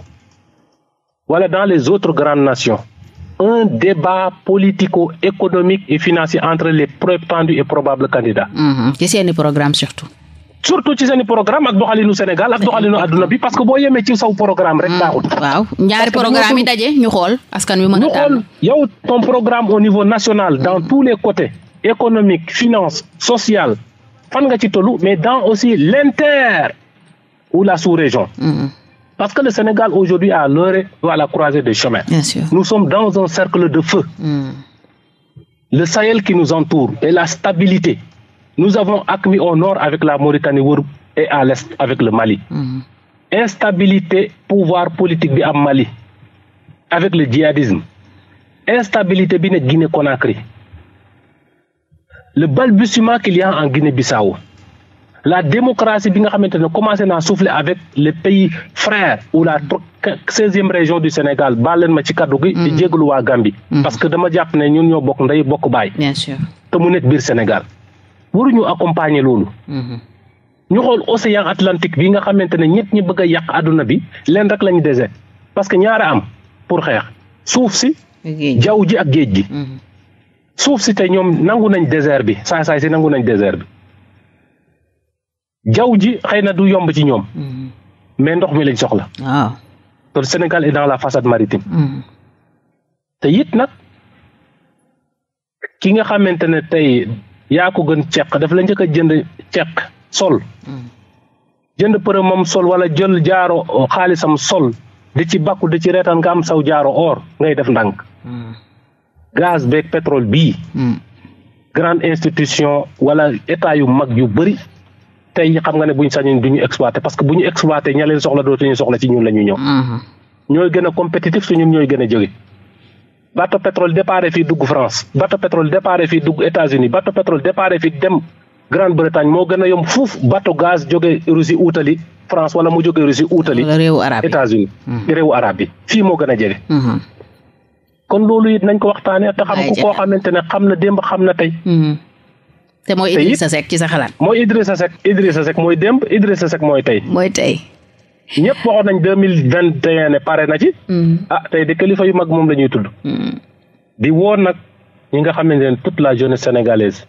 wala dans les autres grandes nations un débat politico-économique et financier entre les prétendus et probables candidats. Hmm. ci seeni programme surtout. surtout ci seen i programme ak doxalinu Sénégal ak doxalinu adduna bi parce que boo yemee ci saw programme rek hmm. baaxul. waaw ñaari programme yi daje ñu xool askan wi mën a tànn. yow ton programme au niveau national dans tous les côtés économique finance sociale fan nga ci tollu mais dans aussi l'inter ou la sous-région. Hmm. Parce que le Sénégal aujourd'hui à l'heure ou à la croisée des chemins. Bien sûr. Nous sommes dans un cercle de feu. Hmm. Le Sahel qui nous entoure et la stabilité Nous avons AQMI au nord avec la Mauritanie wër et à l'est avec le Mali. Mhm. Instabilité pouvoir politique bi am Mali avec le djihadisme. Instabilité bi ne Guinée-Conakry. Le balbutiement qu'il y a en Guinée-Bissau. La démocratie bi nga xamante ne commencé naa souffler avec le pays frères ou la seizième région du Sénégal baal ma ci kaddu gi. di mhm. jégalu waa Gambie. Mhm. parce que dama jàpp ne ñun ñoo bokk ndey bokk baay. te mu nekk biir Sénégal. waruñu accompagner loolu. Mhm. ñu xool océan Atlantique bi nga xamante ne ñett ñi bëgg yàq àdduna bi leen rek lañu dese parce que ñaara am pour xeex suuf si. jaww ji ak géej gi. Mhm. suuf si tey ñoom nangu nañ désert bi saay saay si nangu nañ désert bi jaww ji xëy na du yomb ci ñoom. Mhm. mais ndox mi lañ soxla. waaw ah. te Sénégal est la façade maritime. te it nag ki nga xamante ne tey yaa ko gën ceq daf la njëkk a jënd ceq sol jënd përëmam sol wala jël jaaro oh, xaalisam sol di ci bakku di ci reetaan nga am saw jaaro or ngay def ndànk gaz beeg pétrole bii grande institution wala état yu mag yu bëri tey xam nga ne buñ sañoon du ñu exploité parce que bu ñu exploité ña leen soxla dootuñu soxla ci ñun la ñu ñëw mhm. ñooy gën a compétitif su ñun ñooy gën a jóge bateau pétrole déparé fi dugg France bateau pétrole déparé fii dugg États-Unis bateau pétrole déparé fii dem Grande-Bretagne moo gën a yomb foofu bateau gaz jóge Russie uutali France wala mu jóge Russie uutali États-Unis mhm. réewu arab yi fii moo gën a jege mhm. kon loolu it nañ ko waxtaanee te xam ku koo xamante ne xam na demb xam na tey mhm. te mooy sa Seck ci sa xalaat mooy Idrissa Seck Idrissa Seck mooy démb Idrissa Seck mooy tey mooy tey ñëpp waxoon nañ deux mille vingt et ne pare na ci. Mm. ah tey de kilifa yu mag moom la ñuy tudd. bi mm. woo nag ñi nga xamante ne toute la jeunesse sénégalaise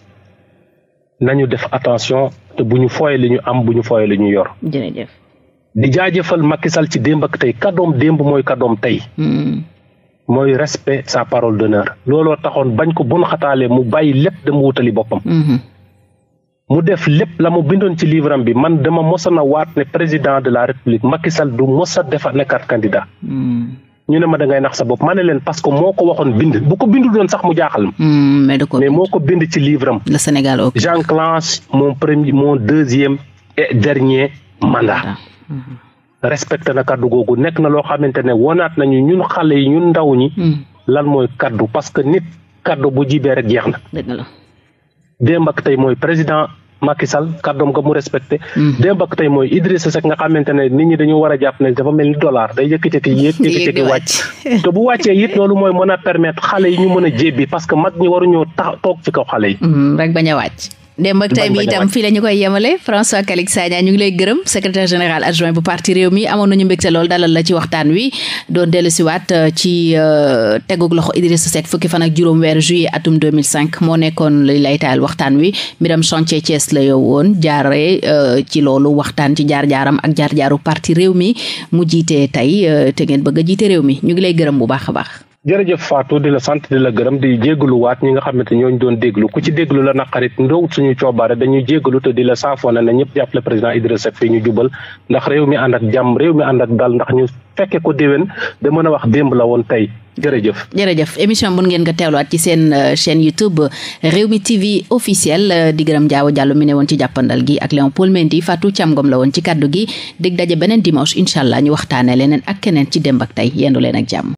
nañu def attention te bu ñu fooyee li ñu am bu ñu fooyee li ñu yor. di jaajëfal Macky Sall ci démb tey kàddoom démb mooy kàddoom tey. Mm. mooy respect sa parole d'honneur. looloo taxoon bañ ko bun xataale mu bàyyi lépp dem wutali boppam. Mm-hmm. mu def lépp la mu bindoon ci livre bi man dama mos a waat ne président de la république Macky Sall du mos a defa nekkaat candidat. Hmm. ñu ne ma da ngay nax sa bopp ma ne leen parce que moo ko waxoon bind bu ko bindu doon sax mu jaaxal ma. Hmm, mais mais moo ko bind ci livre am. le Sénégal ok j'enclenche mon premier mon deuxième et dernier mandat. Hmm. respecté na kaddu googu nekk na loo xamante ne wonaat nañu ñun xale yi ñun ndaw ñi. lan mooy kaddu parce que nit kaddu bu jibee rek jeex na. démb ak tey mooy président Macky Sall kàddoom nga mu respecté. Mm. démb ak tey mooy Idrissa Seck nga xamante ne nit ñi dañu war a jàpp ne dafa mel ni dollar day yëkkatati yéeg yëkkatati wàcc. te bu wàccee it loolu mooy mën a permettre xale yi ñu mën a jébbi parce que mag ñi waruñoo tax toog ci kaw xale yi. Mm-hmm, rek bañ a wàcc. démb ak tey bi itam fii la ñu koy yemale François Calixte Sagna ñu ngi lay gërëm secrétaire général adjoint bu parti réew mi amoon nañu mbégte loolu dalal la ci waxtaan wi doon dellu siwaat euh, ci euh, tegug loxo Idrissa Seck fukki fan ak juróom weer juillet atum 2005 moo nekkoon li lay taal waxtaan wi mbiram chantier Thiès la yow woon jaaree euh, ci loolu waxtaan ci jaar-jaaram ak jaar-jaaru parti réew mi mu jiite tey te ngeen bëgg a jiite réew mi ñu ngi lay gërëm bu baax a baax jërëjëf Fatou di la sant di la gërëm di jégaluwaat ñi nga xamante ñooñu doon déglu ku ci déglu la naqarit ndowut suñu coobaare dañuy jégalu te di la saafoona ne ñëpp jàppale président Idrissa Seck fii ñu jubal ndax réew mi ànd ak jàmm réew mi ànd ak dal ndax ñu fekkee ko déwén da mën a wax démb la woon tey jërëjëf. jërëjëf émission mun ngeen nga teewluwaat ci seen euh, chaîne YouTube euh, réew mi TV officiel euh, di gërëm Diaw Diallo mi ne woon ci jàppandal gi ak Léon Paul Mendy Fatou Thiam Ngom ci kaddu gi dégg daje beneen dimanche incha allah ñu waxtaane leneen ak keneen ci démb tey yendu leen jàmm